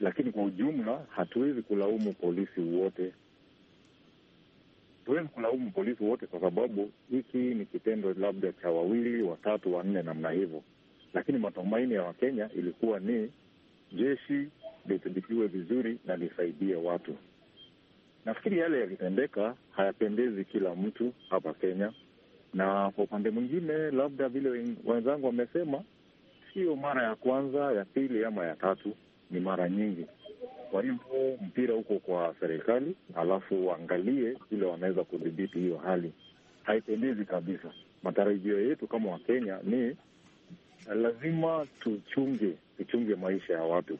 lakini kwa ujumla hatuwezi kulaumu polisi wote, tuwezi kulaumu polisi wote kwa sababu hiki ni kitendo labda cha wawili watatu wanne namna hivyo lakini matumaini ya Wakenya ilikuwa ni jeshi litumikiwe vizuri na lisaidie watu. Nafikiri yale yalitendeka hayapendezi kila mtu hapa Kenya, na kwa upande mwingine, labda vile wenzangu wamesema, sio mara ya kwanza, ya pili ama ya tatu, ni mara nyingi. Kwa hivyo mpira huko kwa serikali, alafu waangalie vile wanaweza kudhibiti hiyo hali. Haipendezi kabisa. Matarajio yetu kama Wakenya ni lazima tuchunge tuchunge maisha ya watu,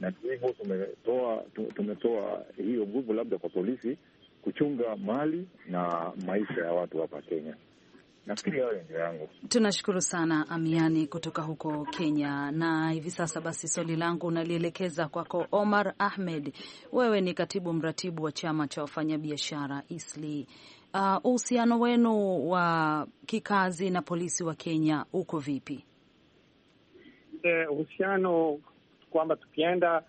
na hivyo tumetoa tumetoa hiyo nguvu labda kwa polisi kuchunga mali na maisha ya watu hapa Kenya. hayo yangu. Tunashukuru sana Amiani kutoka huko Kenya. Na hivi sasa basi, swali langu nalielekeza kwako Omar Ahmed. Wewe ni katibu mratibu wa chama cha wafanyabiashara ISLI. Ah, uhusiano wenu wa kikazi na polisi wa Kenya uko vipi? yote uhusiano kwamba tukienda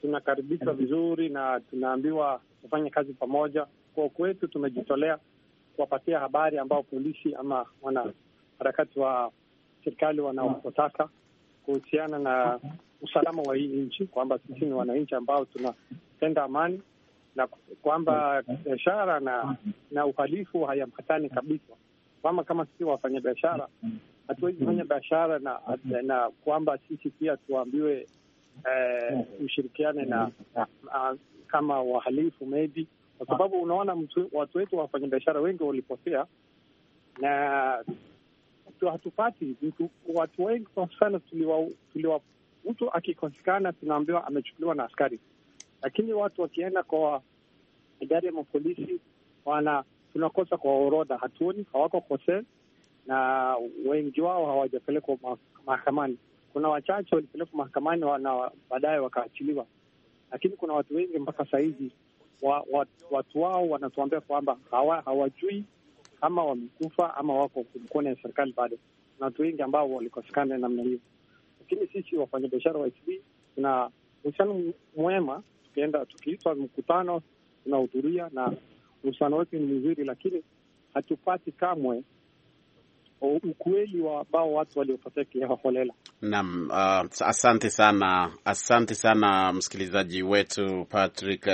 tunakaribishwa vizuri na tunaambiwa tufanye kazi pamoja. Kwa kwetu tumejitolea kuwapatia habari ambao polisi ama wanaharakati wa serikali wanaotaka kuhusiana na usalama wa hii nchi, kwamba sisi ni wananchi ambao tunapenda amani na kwamba biashara na na uhalifu hayampatani kabisa, kwamba kama sisi wafanyabiashara hatuwezi kufanya mm-hmm. biashara na, na kwamba sisi pia tuambiwe eh, ushirikiane mm-hmm. na na kama wahalifu maybe, kwa sababu unaona mtu, watu wetu wafanya biashara wengi walipotea na hatupati mtu, watu wengi kwa sana tuliwa, tuliwa mtu akikosekana tunaambiwa amechukuliwa na askari, lakini watu wakienda kwa idara ya mapolisi wana tunakosa kwa orodha, hatuoni hawako kose na wengi wao hawajapelekwa mahakamani. Kuna wachache walipelekwa mahakamani na baadaye wakaachiliwa, lakini kuna watu wengi mpaka sahizi wa, wa, watu wao wanatuambia kwamba hawa, hawajui kama wamekufa ama wako mkono ya serikali bado. Kuna watu wengi ambao walikosekana namna hiyo, lakini sisi wafanyabiashara wa SB tuna uhusiano mwema. Tukienda tukiitwa mkutano tunahudhuria na uhusiano wetu ni mzuri, lakini hatupati kamwe ukweli wa bao watu waliopotea kiholela. Naam, uh, asante sana, asante sana msikilizaji wetu Patrick.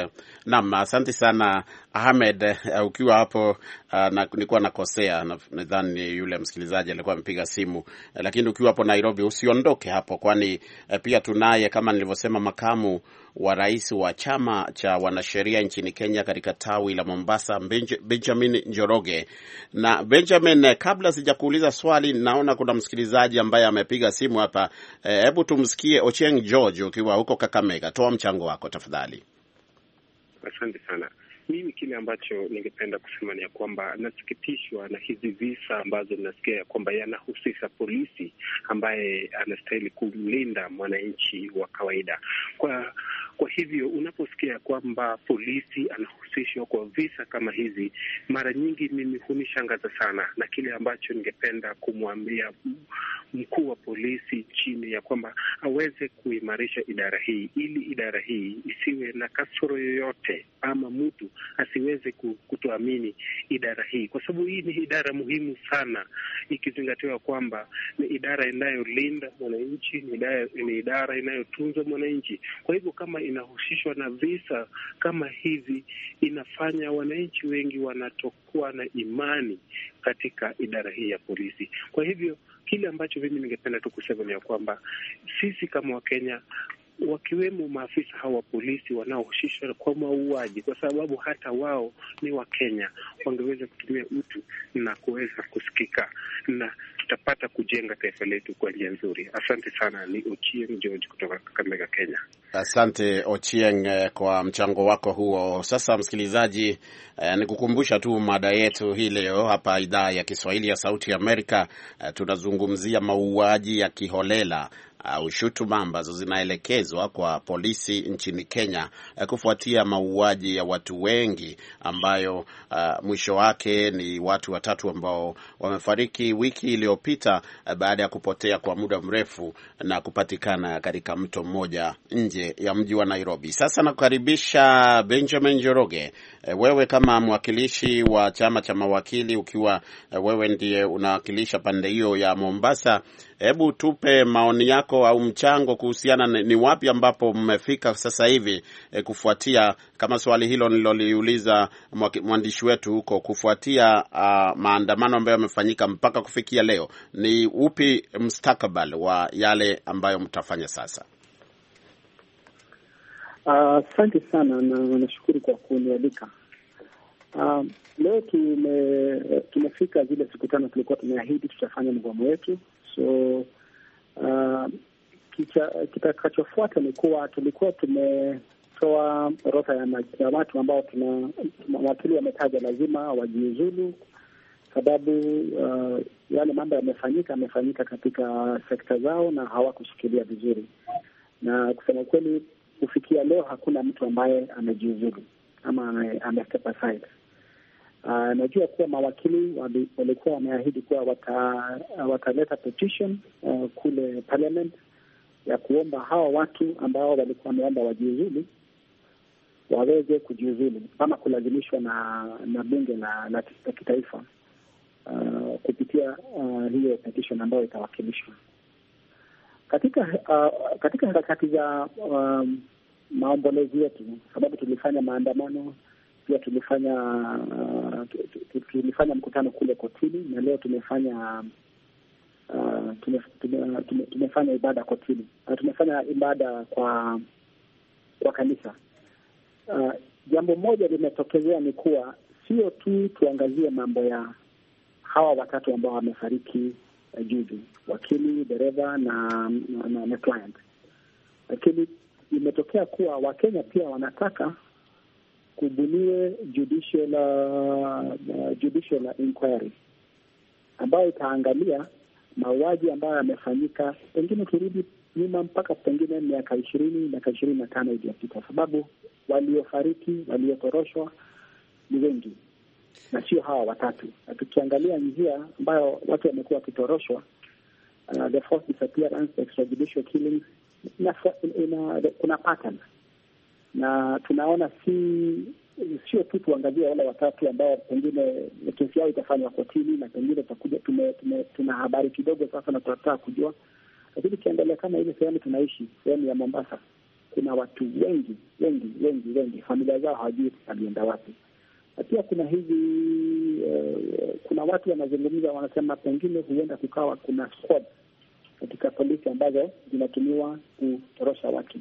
Naam, asante sana Ahmed, eh, ukiwa hapo ah, na, nilikuwa nakosea, nadhani yule msikilizaji alikuwa amepiga simu, eh, lakini ukiwa hapo Nairobi usiondoke hapo, kwani eh, pia tunaye kama nilivyosema makamu wa rais wa chama cha wanasheria nchini Kenya katika tawi la Mombasa, Benjamin Njoroge. Na Benjamin, kabla sijakuuliza swali, naona kuna msikilizaji ambaye amepiga simu hapa. Hebu tumsikie Ochieng George, ukiwa huko Kakamega, toa mchango wako tafadhali. Asante sana. Mimi kile ambacho ningependa kusema ni ya kwamba nasikitishwa na hizi visa ambazo inasikia ya kwamba yanahusisha polisi ambaye anastahili kumlinda mwananchi wa kawaida. Kwa kwa hivyo unaposikia kwamba polisi anahusishwa kwa visa kama hizi, mara nyingi mimi hunishangaza sana, na kile ambacho ningependa kumwambia mkuu wa polisi nchini ya kwamba aweze kuimarisha idara hii, ili idara hii isiwe na kasoro yoyote ama mtu asiweze kutoamini idara hii, kwa sababu hii ni idara muhimu sana, ikizingatiwa kwamba ni idara inayolinda mwananchi, ni idara inayotunza mwananchi. Kwa hivyo kama inahusishwa na visa kama hivi, inafanya wananchi wengi wanatokuwa na imani katika idara hii ya polisi. Kwa hivyo kile ambacho mimi ningependa tu kusema ni ya kwamba sisi kama Wakenya wakiwemo maafisa hawa wa polisi wanaohusishwa kwa mauaji, kwa sababu hata wao ni Wakenya, wangeweza kutumia utu na kuweza kusikika, na tutapata kujenga taifa letu kwa njia nzuri. Asante sana, ni Ochieng George kutoka Kakamega, Kenya. Asante Ochieng eh, kwa mchango wako huo. Sasa msikilizaji, eh, ni kukumbusha tu mada yetu hii leo hapa idhaa ya Kiswahili ya Sauti ya Amerika. Eh, tunazungumzia mauaji ya kiholela au shutuma ambazo zinaelekezwa kwa polisi nchini Kenya eh, kufuatia mauaji ya watu wengi ambayo uh, mwisho wake ni watu watatu ambao wamefariki wiki iliyopita eh, baada ya kupotea kwa muda mrefu na kupatikana katika mto mmoja nje ya mji wa Nairobi. Sasa nakukaribisha Benjamin joroge wewe kama mwakilishi wa chama cha mawakili, ukiwa wewe ndiye unawakilisha pande hiyo ya Mombasa hebu tupe maoni yako au mchango kuhusiana ni wapi ambapo mmefika sasa hivi e, kufuatia kama swali hilo niloliuliza mwandishi wetu huko kufuatia uh, maandamano ambayo yamefanyika mpaka kufikia leo, ni upi mustakabali wa yale ambayo mtafanya sasa? Asante uh, sana na nashukuru kwa kunialika. Uh, leo tume, tumefika zile siku tano tulikuwa tumeahidi tutafanya mgomo wetu So uh, kitakachofuata kita ni kuwa tulikuwa tumetoa orodha ya majina watu ambao tuna mawakili wametaja lazima wajiuzulu, sababu uh, yale mambo yamefanyika yamefanyika katika sekta zao na hawakushikilia vizuri, na kusema kweli, kufikia leo hakuna mtu ambaye amejiuzulu ama ame step aside Uh, najua kuwa mawakili walikuwa wameahidi kuwa wataleta wata petition uh, kule parliament ya kuomba hawa watu ambao walikuwa wameomba wajiuzulu waweze kujiuzulu ama kulazimishwa na na bunge la la kitaifa uh, kupitia uh, hiyo petition ambayo itawakilishwa katika uh, katika harakati za um, maombolezi yetu, sababu tulifanya maandamano pia tulifanya uh, tulifanya mkutano kule kotini, na leo tumefanya uh, tume, tume, tumefanya ibada kotini uh, tumefanya ibada kwa kwa kanisa uh, jambo moja limetokezea ni kuwa sio tu tuangazie mambo ya hawa watatu ambao wamefariki uh, juzi, wakili, dereva na, na, na, na client, lakini imetokea kuwa Wakenya pia wanataka kubuniwe judicial, uh, judicial inquiry ambayo itaangalia mauaji ambayo yamefanyika, pengine ukirudi nyuma mpaka pengine miaka ishirini miaka ishirini na tano iliyopita, kwa sababu waliofariki waliotoroshwa ni wengi na sio hawa watatu. Na tukiangalia njia ambayo watu wamekuwa wakitoroshwa, uh, the forced disappearance, extrajudicial killings, kuna na tunaona si sio tu tuangazie wale watatu ambao pengine kesi yao itafanywa kotini na pengine takuja, tume, tume, tuna habari kidogo sasa na tunataka kujua, lakini ukiangalia kama ile sehemu tunaishi sehemu ya Mombasa, kuna watu wengi wengi wengi wengi, familia zao hawajui alienda wapi, na pia kuna hizi uh, eh, kuna watu wanazungumza wanasema pengine huenda kukawa kuna squad katika polisi ambazo zinatumiwa kutorosha watu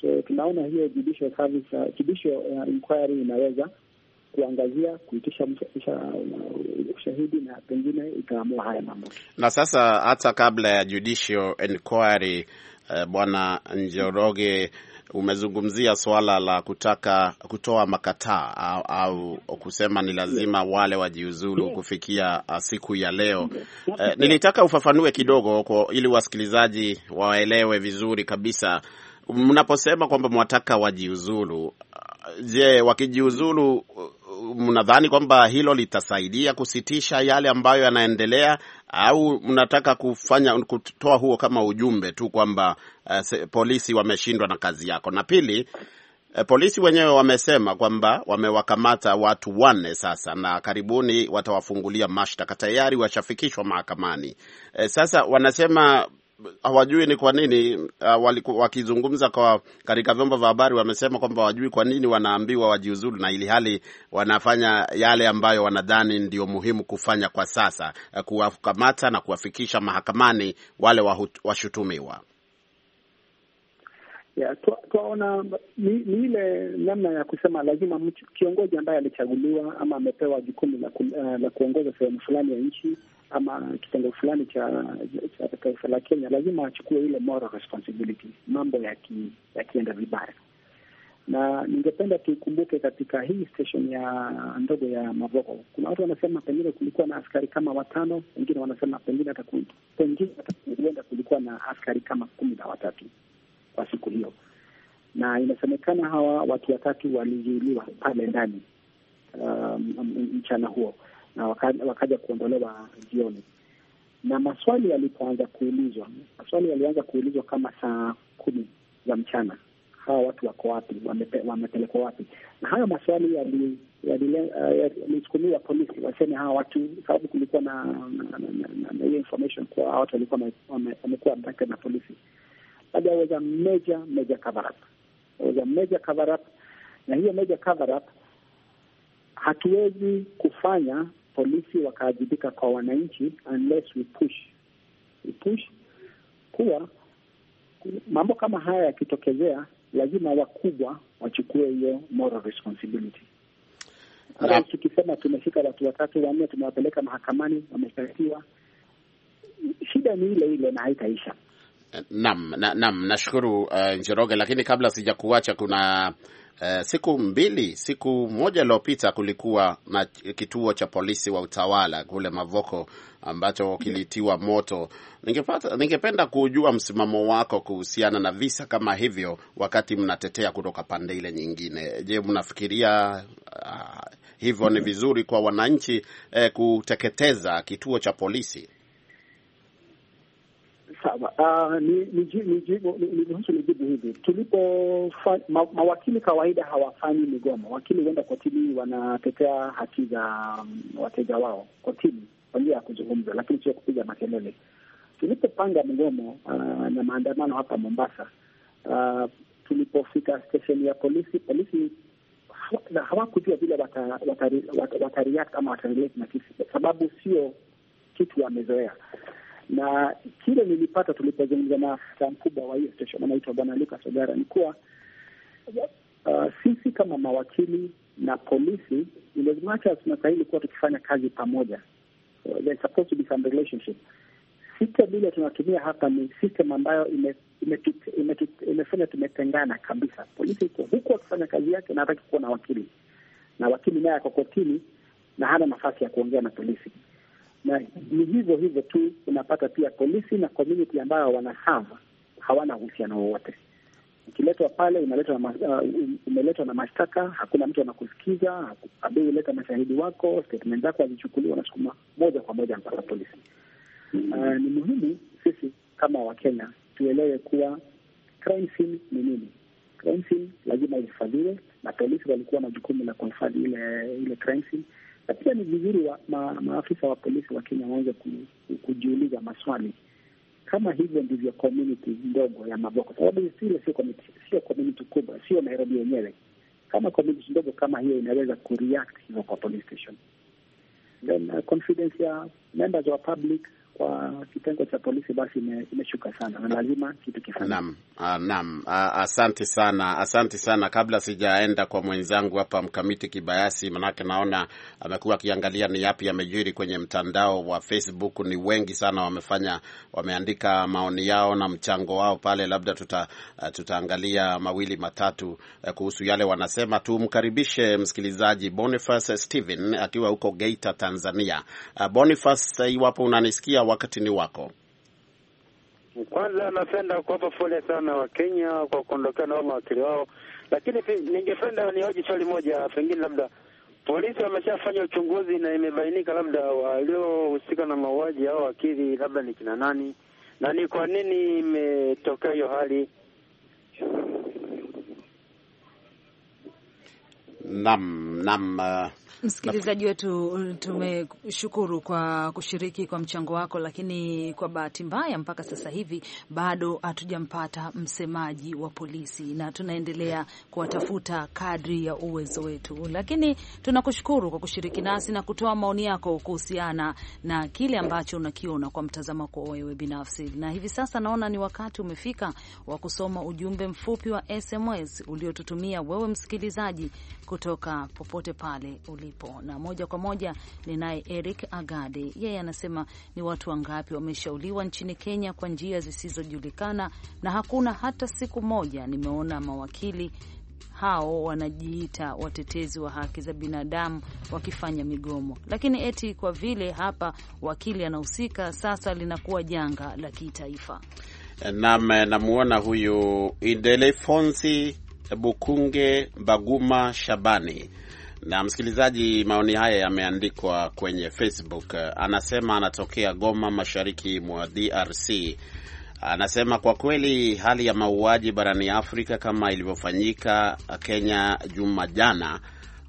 So tunaona hiyo judicial service, uh, judicial uh, inquiry inaweza kuangazia kuitisha uh, ushahidi na pengine ikaamua haya mambo. Na sasa hata kabla ya judicial inquiry uh, Bwana Njoroge umezungumzia swala la kutaka kutoa makataa au, au kusema ni lazima wale wajiuzulu kufikia uh, siku ya leo. Eh, nilitaka ufafanue kidogo ili wasikilizaji waelewe vizuri kabisa mnaposema kwamba mwataka wajiuzulu, je, wakijiuzulu mnadhani kwamba hilo litasaidia kusitisha yale ambayo yanaendelea au mnataka kufanya kutoa huo kama ujumbe tu kwamba uh, polisi wameshindwa na kazi yako? Na pili, uh, polisi wenyewe wamesema kwamba wamewakamata watu wanne sasa na karibuni watawafungulia mashtaka, tayari washafikishwa mahakamani. Uh, sasa wanasema hawajui ni kwa nini uh, wakizungumza kwa katika vyombo vya habari wamesema kwamba hawajui kwa nini wanaambiwa wajiuzulu na ili hali wanafanya yale ambayo wanadhani ndio muhimu kufanya kwa sasa, uh, kuwakamata na kuwafikisha mahakamani wale washutumiwa. twaona ni ile namna ya kusema lazima kiongozi ambaye alichaguliwa ama amepewa jukumu la, ku, uh, la kuongoza sehemu fulani ya nchi ama kitendo fulani cha, cha taifa la Kenya lazima achukue ile moral responsibility mambo yakienda ya vibaya. Na ningependa tukumbuke katika hii station ya ndogo ya Mavogo, kuna watu wanasema pengine kulikuwa na askari kama watano, wengine wanasema pengine pengine huenda kulikuwa na askari kama kumi na watatu kwa siku hiyo, na inasemekana hawa watu watatu walizuiliwa pale ndani um, mchana huo na wakaja, wakaja kuondolewa jioni. Na maswali yalipoanza kuulizwa, maswali yalianza kuulizwa kama saa kumi za mchana, hawa watu wako wapi? wamepelekwa wapi? Na hayo maswali yalisukumiwa eh, polisi waseme hawa watu, sababu kulikuwa na hiyo information kuwa hawa watu walikuwa wamekuwa abducted na polisi. Labda was major major cover up, was major cover up, na hiyo major cover up hatuwezi kufanya polisi wakaajibika kwa wananchi, unless we push we push kuwa mambo kama haya yakitokezea, lazima wakubwa wachukue hiyo moral responsibility. Tukisema tumeshika watu watatu wanne, tumewapeleka mahakamani, wameshtakiwa, shida ni ile ile na haitaisha na, nam, nashukuru uh, Njoroge, lakini kabla sija kuacha kuna uh, siku mbili, siku moja iliyopita kulikuwa na kituo cha polisi wa utawala kule Mavoko ambacho kilitiwa moto. Ningepata, ningependa kujua msimamo wako kuhusiana na visa kama hivyo, wakati mnatetea kutoka pande ile nyingine. Je, mnafikiria uh, hivyo ni vizuri kwa wananchi eh, kuteketeza kituo cha polisi? Sawa, niruhusu nijibu hivi. Tulipo mawakili kawaida hawafanyi migomo. Wakili huenda kotini, wanatetea haki za mm, wateja wao kotini kwa njia ya kuzungumza, lakini sio kupiga makelele. Tulipopanga mgomo uh, ah, na maandamano hapa Mombasa, uh, tulipofika stesheni ya polisi, polisi hawakujua vile watariact ama watarelate na kisi, sababu sio kitu wamezoea na kile nilipata tulipozungumza na afisa mkubwa wa hiyo station anaitwa Bwana Lucas Ogara ni kuwa uh, sisi kama mawakili na polisi in tunastahili kuwa tukifanya kazi pamoja, so, there's supposed to be some relationship. System ile tunatumia hapa ni system ambayo imefanya tumetengana kabisa. Polisi iko huku akifanya kazi yake na hataki kuwa na wakili, na wakili naye ako kotini na hana nafasi ya kuongea na polisi na ni hivyo hivyo tu, unapata pia polisi na community ambayo wanahama hawana uhusiano wowote. Ukiletwa pale na, uh, umeletwa na mashtaka, hakuna mtu anakusikiza, abei uleta mashahidi wako, statement zako hazichukuliwa, nasukuma moja kwa moja mpaka polisi. mm -hmm. Uh, ni muhimu sisi kama Wakenya tuelewe kuwa crime scene ni nini. Crime scene lazima ihifadhiwe, na polisi walikuwa na jukumu la kuhifadhi ile ile crime scene na pia ni vizuri wa, ma, maafisa wa polisi wa Kenya waanze ku, kujiuliza maswali kama hivyo ndivyo community ndogo ya Maboko, sababu sile sio community kubwa, sio Nairobi yenyewe. Kama community ndogo kama hiyo inaweza kureact hivyo kwa police station, then uh, confidence ya members wa public kwa kitengo cha polisi basi imeshuka sana na lazima kitu kifanyike. Naam, ah, naam, ah, asante sana, asante sana. Kabla sijaenda kwa mwenzangu hapa mkamiti Kibayasi, manake naona amekuwa akiangalia ni yapi yamejiri kwenye mtandao wa Facebook. Ni wengi sana wamefanya, wameandika maoni yao na mchango wao pale, labda tuta, ah, tutaangalia mawili matatu eh, kuhusu yale wanasema. Tumkaribishe msikilizaji Boniface Steven akiwa huko Geita, Tanzania. Boniface, iwapo unanisikia wakati ni wako. Kwanza napenda kuwapa pole sana Wakenya kwa kuondokea na mawakili wao, lakini ningependa nihoji swali moja, pengine labda polisi wameshafanya uchunguzi na imebainika labda waliohusika na mauaji au wakili labda ni kina nani na ni kwa nini imetokea hiyo hali. Naam nam uh, msikilizaji wetu, tumeshukuru kwa kushiriki kwa mchango wako, lakini kwa bahati mbaya mpaka sasa hivi bado hatujampata msemaji wa polisi na tunaendelea kuwatafuta kadri ya uwezo wetu, lakini tunakushukuru kwa kushiriki nasi na kutoa maoni yako kuhusiana na kile ambacho unakiona kwa mtazamo wako wewe binafsi. Na hivi sasa naona ni wakati umefika wa kusoma ujumbe mfupi wa SMS uliotutumia wewe msikilizaji kutoka popote pale ulipo. Na moja kwa moja ninaye Eric Agade, yeye anasema ni watu wangapi wameshauliwa nchini Kenya kwa njia zisizojulikana, na hakuna hata siku moja nimeona mawakili hao wanajiita watetezi wa haki za binadamu wakifanya migomo, lakini eti kwa vile hapa wakili anahusika, sasa linakuwa janga la kitaifa. Nam, namuona huyu Idelefonsi Bukunge Baguma Shabani na msikilizaji, maoni haya yameandikwa kwenye Facebook. Anasema anatokea Goma, mashariki mwa DRC. Anasema kwa kweli hali ya mauaji barani Afrika kama ilivyofanyika Kenya juma jana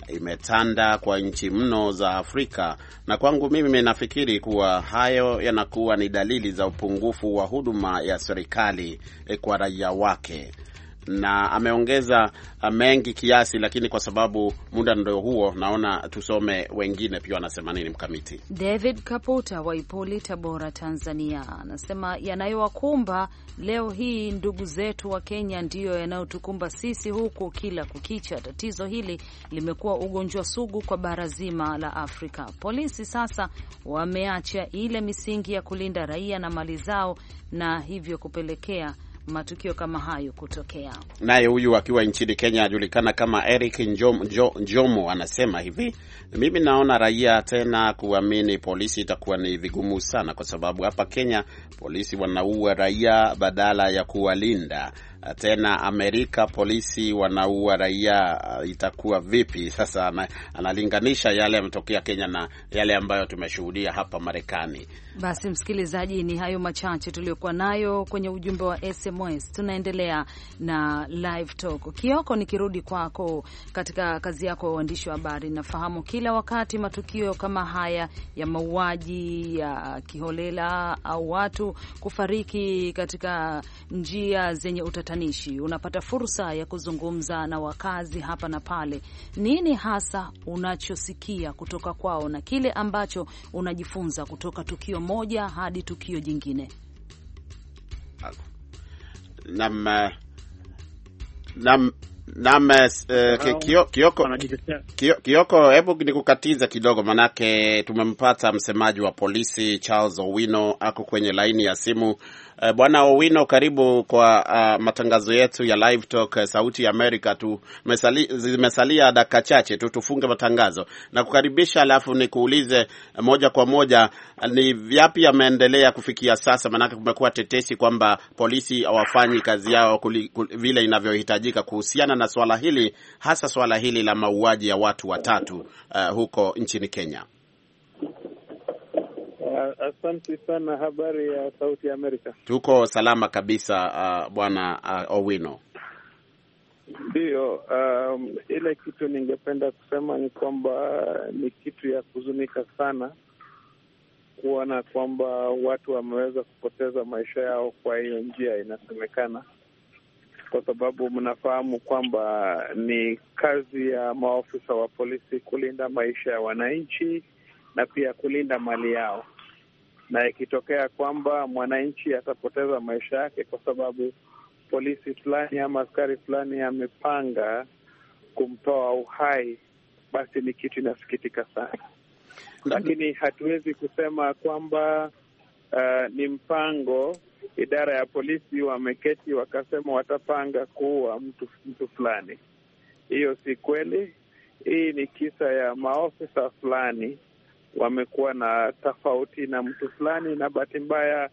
imetanda kwa nchi mno za Afrika, na kwangu mimi nafikiri kuwa hayo yanakuwa ni dalili za upungufu wa huduma ya serikali eh, kwa raia wake na ameongeza uh, mengi kiasi, lakini kwa sababu muda ndio huo, naona tusome wengine pia wanasema nini. Mkamiti David Kaputa wa Ipoli, Tabora, Tanzania, anasema yanayowakumba leo hii ndugu zetu wa Kenya ndiyo yanayotukumba sisi huku kila kukicha. Tatizo hili limekuwa ugonjwa sugu kwa bara zima la Afrika. Polisi sasa wameacha ile misingi ya kulinda raia na mali zao, na hivyo kupelekea matukio kama hayo kutokea. Naye huyu akiwa nchini Kenya ajulikana kama Eric Njomo, Njomo anasema hivi, mimi naona raia tena kuamini polisi itakuwa ni vigumu sana, kwa sababu hapa Kenya polisi wanaua raia badala ya kuwalinda tena Amerika polisi wanaua raia, itakuwa vipi sasa? Analinganisha yale yametokea Kenya na yale ambayo tumeshuhudia hapa Marekani. Basi msikilizaji, ni hayo machache tuliyokuwa nayo kwenye ujumbe wa SMS. Tunaendelea na live talk. Kioko, nikirudi kwako katika kazi yako ya uandishi wa habari, nafahamu kila wakati matukio kama haya ya mauaji ya kiholela au watu kufariki katika njia zenye utatanishi, unapata fursa ya kuzungumza na wakazi hapa na pale. Nini hasa unachosikia kutoka kwao na kile ambacho unajifunza kutoka tukio moja hadi tukio jingine. Eh, nam, nam, nam, uh, eh, eh, Kioko, Kioko, hebu nikukatiza kidogo, manake tumempata msemaji wa polisi Charles Owino ako kwenye laini ya simu Eh, Bwana Owino, karibu kwa uh, matangazo yetu ya Live Talk eh, Sauti ya Amerika. Zimesalia dakika chache tu tufunge matangazo na kukaribisha, alafu nikuulize moja kwa moja ni yapi yameendelea kufikia sasa, maanake kumekuwa tetesi kwamba polisi hawafanyi kazi yao kuli, kuli, vile inavyohitajika kuhusiana na swala hili, hasa swala hili la mauaji ya watu watatu uh, huko nchini Kenya. Asante sana. Habari ya Sauti ya Amerika. Tuko salama kabisa, uh, bwana uh, Owino. Ndiyo, um, ile kitu ningependa kusema ni kwamba uh, ni kitu ya kuzunika sana kuona kwamba watu wameweza kupoteza maisha yao kwa hiyo njia inasemekana, kwa sababu mnafahamu kwamba uh, ni kazi ya maofisa wa polisi kulinda maisha ya wananchi na pia kulinda mali yao na ikitokea kwamba mwananchi atapoteza maisha yake kwa sababu polisi fulani ama askari fulani amepanga kumtoa uhai, basi ni kitu inasikitika sana, lakini hatuwezi kusema kwamba uh, ni mpango. Idara ya polisi wameketi wakasema watapanga kuua mtu, mtu fulani. Hiyo si kweli. Hii ni kisa ya maofisa fulani wamekuwa na tofauti na mtu fulani, na bahati mbaya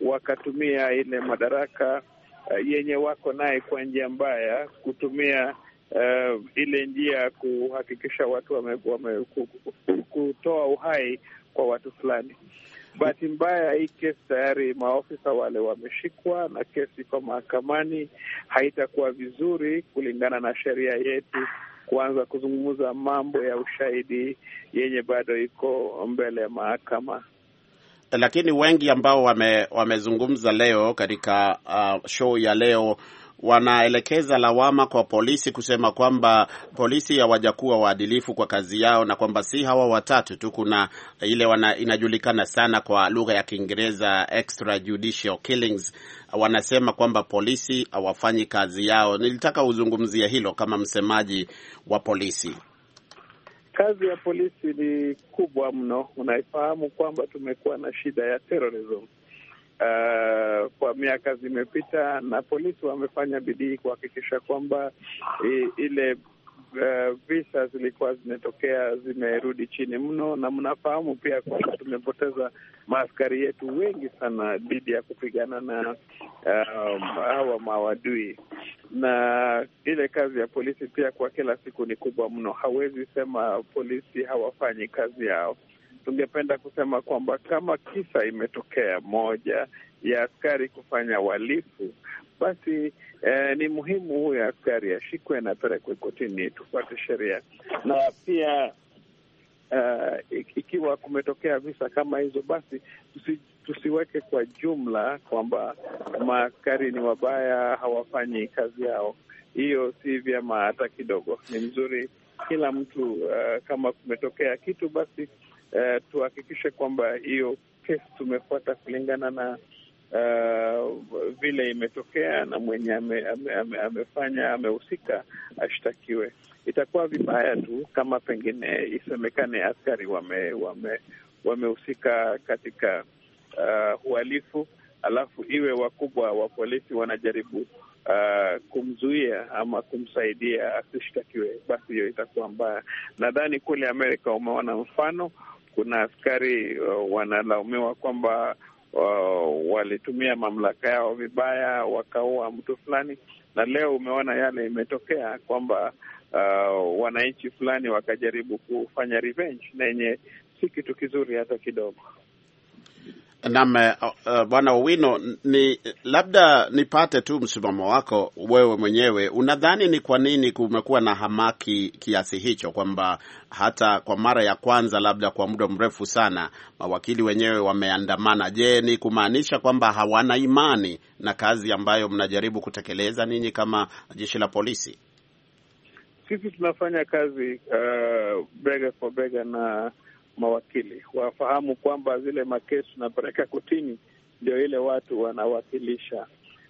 wakatumia ile madaraka uh, yenye wako naye kwa njia mbaya, kutumia uh, ile njia ya kuhakikisha watu wame, wame, kutoa uhai kwa watu fulani. Bahati mbaya hii kesi tayari maofisa wale wameshikwa na kesi iko mahakamani. Haitakuwa vizuri kulingana na sheria yetu kuanza kuzungumza mambo ya ushahidi yenye bado iko mbele ya mahakama. Lakini wengi ambao wame, wamezungumza leo katika uh, show ya leo wanaelekeza lawama kwa polisi kusema kwamba polisi hawajakuwa waadilifu kwa kazi yao, na kwamba si hawa watatu tu, kuna ile wana, inajulikana sana kwa lugha ya Kiingereza extrajudicial killings. Wanasema kwamba polisi hawafanyi kazi yao. Nilitaka uzungumzie hilo kama msemaji wa polisi. Kazi ya polisi ni kubwa mno. Unaifahamu kwamba tumekuwa na shida ya terrorism uh, kwa miaka zimepita, na polisi wamefanya bidii kuhakikisha kwamba ile Uh, visa zilikuwa zimetokea zimerudi chini mno, na mnafahamu pia kwamba tumepoteza maaskari yetu wengi sana dhidi ya kupigana na um, hawa mawadui, na ile kazi ya polisi pia kwa kila siku ni kubwa mno. Hawezi sema polisi hawafanyi kazi yao tungependa kusema kwamba kama kisa imetokea moja ya askari kufanya uhalifu, basi eh, ni muhimu huyo askari ashikwe na apelekwe kotini, tufuate sheria na pia Uh, ikiwa kumetokea visa kama hizo basi tusi, tusiweke kwa jumla kwamba maaskari ni wabaya, hawafanyi kazi yao. Hiyo si vyema hata kidogo. Ni mzuri kila mtu uh, kama kumetokea kitu basi eh, tuhakikishe kwamba hiyo kesi tumefuata kulingana na uh, vile imetokea na mwenye ame, ame, ame, amefanya amehusika ashtakiwe. Itakuwa vibaya tu kama pengine isemekane askari wamehusika wame, wame katika uh, uhalifu alafu iwe wakubwa wa polisi wanajaribu Uh, kumzuia ama kumsaidia asishtakiwe, basi hiyo itakuwa mbaya. Nadhani kule Amerika umeona mfano kuna askari uh, wanalaumiwa kwamba uh, walitumia mamlaka yao vibaya, wakaua mtu fulani, na leo umeona yale imetokea kwamba uh, wananchi fulani wakajaribu kufanya revenge na yenye si kitu kizuri hata kidogo. Naam, uh, Bwana Owino, ni labda nipate tu msimamo wako wewe mwenyewe. Unadhani ni kwa nini kumekuwa na hamaki kiasi hicho kwamba hata kwa mara ya kwanza labda kwa muda mrefu sana mawakili wenyewe wameandamana? Je, ni kumaanisha kwamba hawana imani na kazi ambayo mnajaribu kutekeleza ninyi kama jeshi la polisi? Sisi tunafanya kazi uh, bega kwa bega na mawakili wafahamu kwamba zile makesi tunapeleka kotini ndio ile watu wanawakilisha.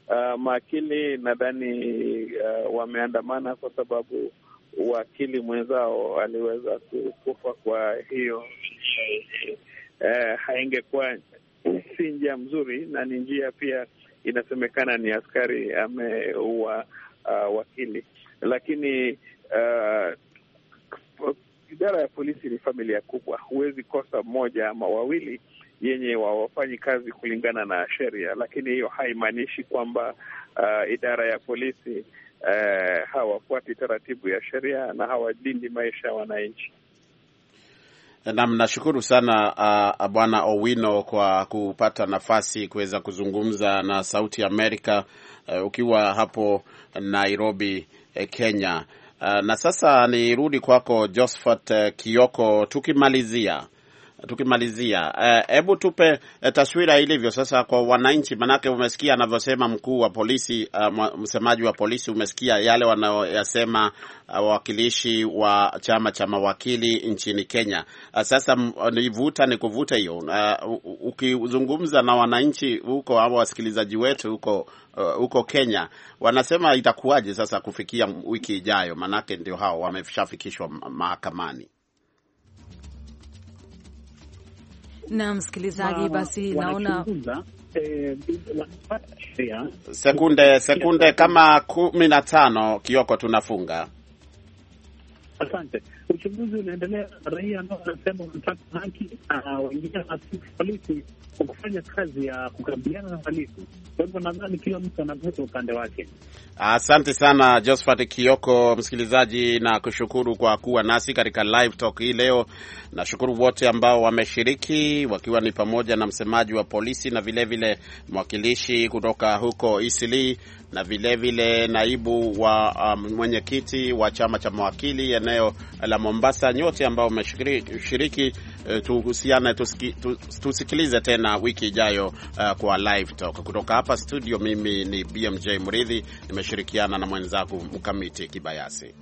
Uh, ah, mawakili nadhani uh, wameandamana kwa sababu wakili mwenzao aliweza kukufa. Kwa hiyo uh, haingekuwa si njia mzuri, na ni njia pia inasemekana ni askari ameua uh, wakili, lakini uh, idara ya polisi ni familia kubwa, huwezi kosa mmoja ama wawili yenye wawafanyi kazi kulingana na sheria, lakini hiyo haimaanishi kwamba uh, idara ya polisi uh, hawafuati taratibu ya sheria na hawalindi maisha ya wananchi. Nam, nashukuru sana uh, Bwana Owino kwa kupata nafasi kuweza kuzungumza na Sauti Amerika uh, ukiwa hapo Nairobi, eh, Kenya. Uh, na sasa nirudi kwako josphat uh, Kioko tukimalizia tukimalizia, eh, hebu tupe e, taswira ilivyo sasa kwa wananchi, manake umesikia anavyosema mkuu wa polisi uh, msemaji wa polisi, umesikia yale wanayoyasema wawakilishi uh, wa chama cha mawakili nchini Kenya. Uh, sasa nivuta ni kuvuta hiyo, uh, ukizungumza na wananchi huko au wasikilizaji wetu huko uh, Kenya wanasema itakuwaje sasa kufikia wiki ijayo, manake ndio hao wameshafikishwa mahakamani. na msikilizaji, basi naona eh, sekunde sekunde kama kumi na tano. Kioko, tunafunga. Asante. Uchunguzi unaendelea raia ambao wanasema wanataka haki, na wengine wanasema polisi kwa kufanya kazi ya kukabiliana na uhalifu. Kwa hivyo nadhani kila mtu anavuta upande wake. Asante sana Josphat Kioko, msikilizaji, na kushukuru kwa kuwa nasi katika live talk hii leo. Nashukuru wote ambao wameshiriki, wakiwa ni pamoja na msemaji wa polisi na vilevile mwakilishi kutoka huko Isili na vilevile vile naibu wa um, mwenyekiti wa chama cha mawakili eneo la Mombasa, nyote ambao umeshiriki. Eh, tuhusiane, tusikilize tena wiki ijayo uh, kwa live talk kutoka hapa studio. Mimi ni BMJ Mridhi, nimeshirikiana na mwenzangu Mkamiti Kibayasi.